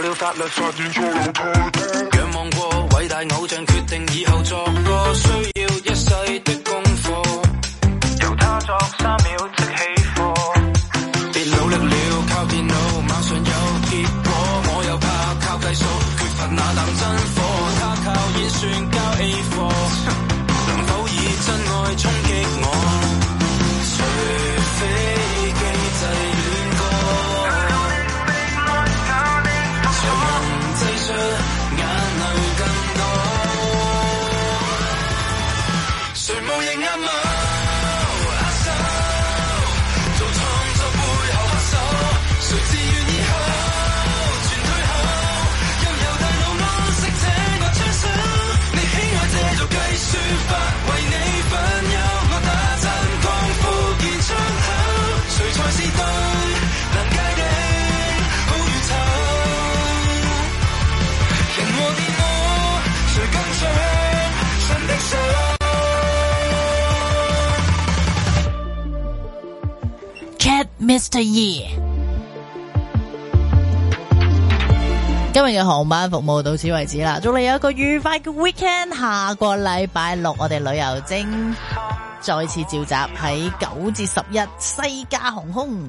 了法律，仰望過偉大偶像，決定以後作個衰。Mr. year 今日嘅航班服務到此為止啦，祝你有一個愉快嘅 weekend。下個禮拜六，我哋旅遊精再次召集喺九至十一西加航空。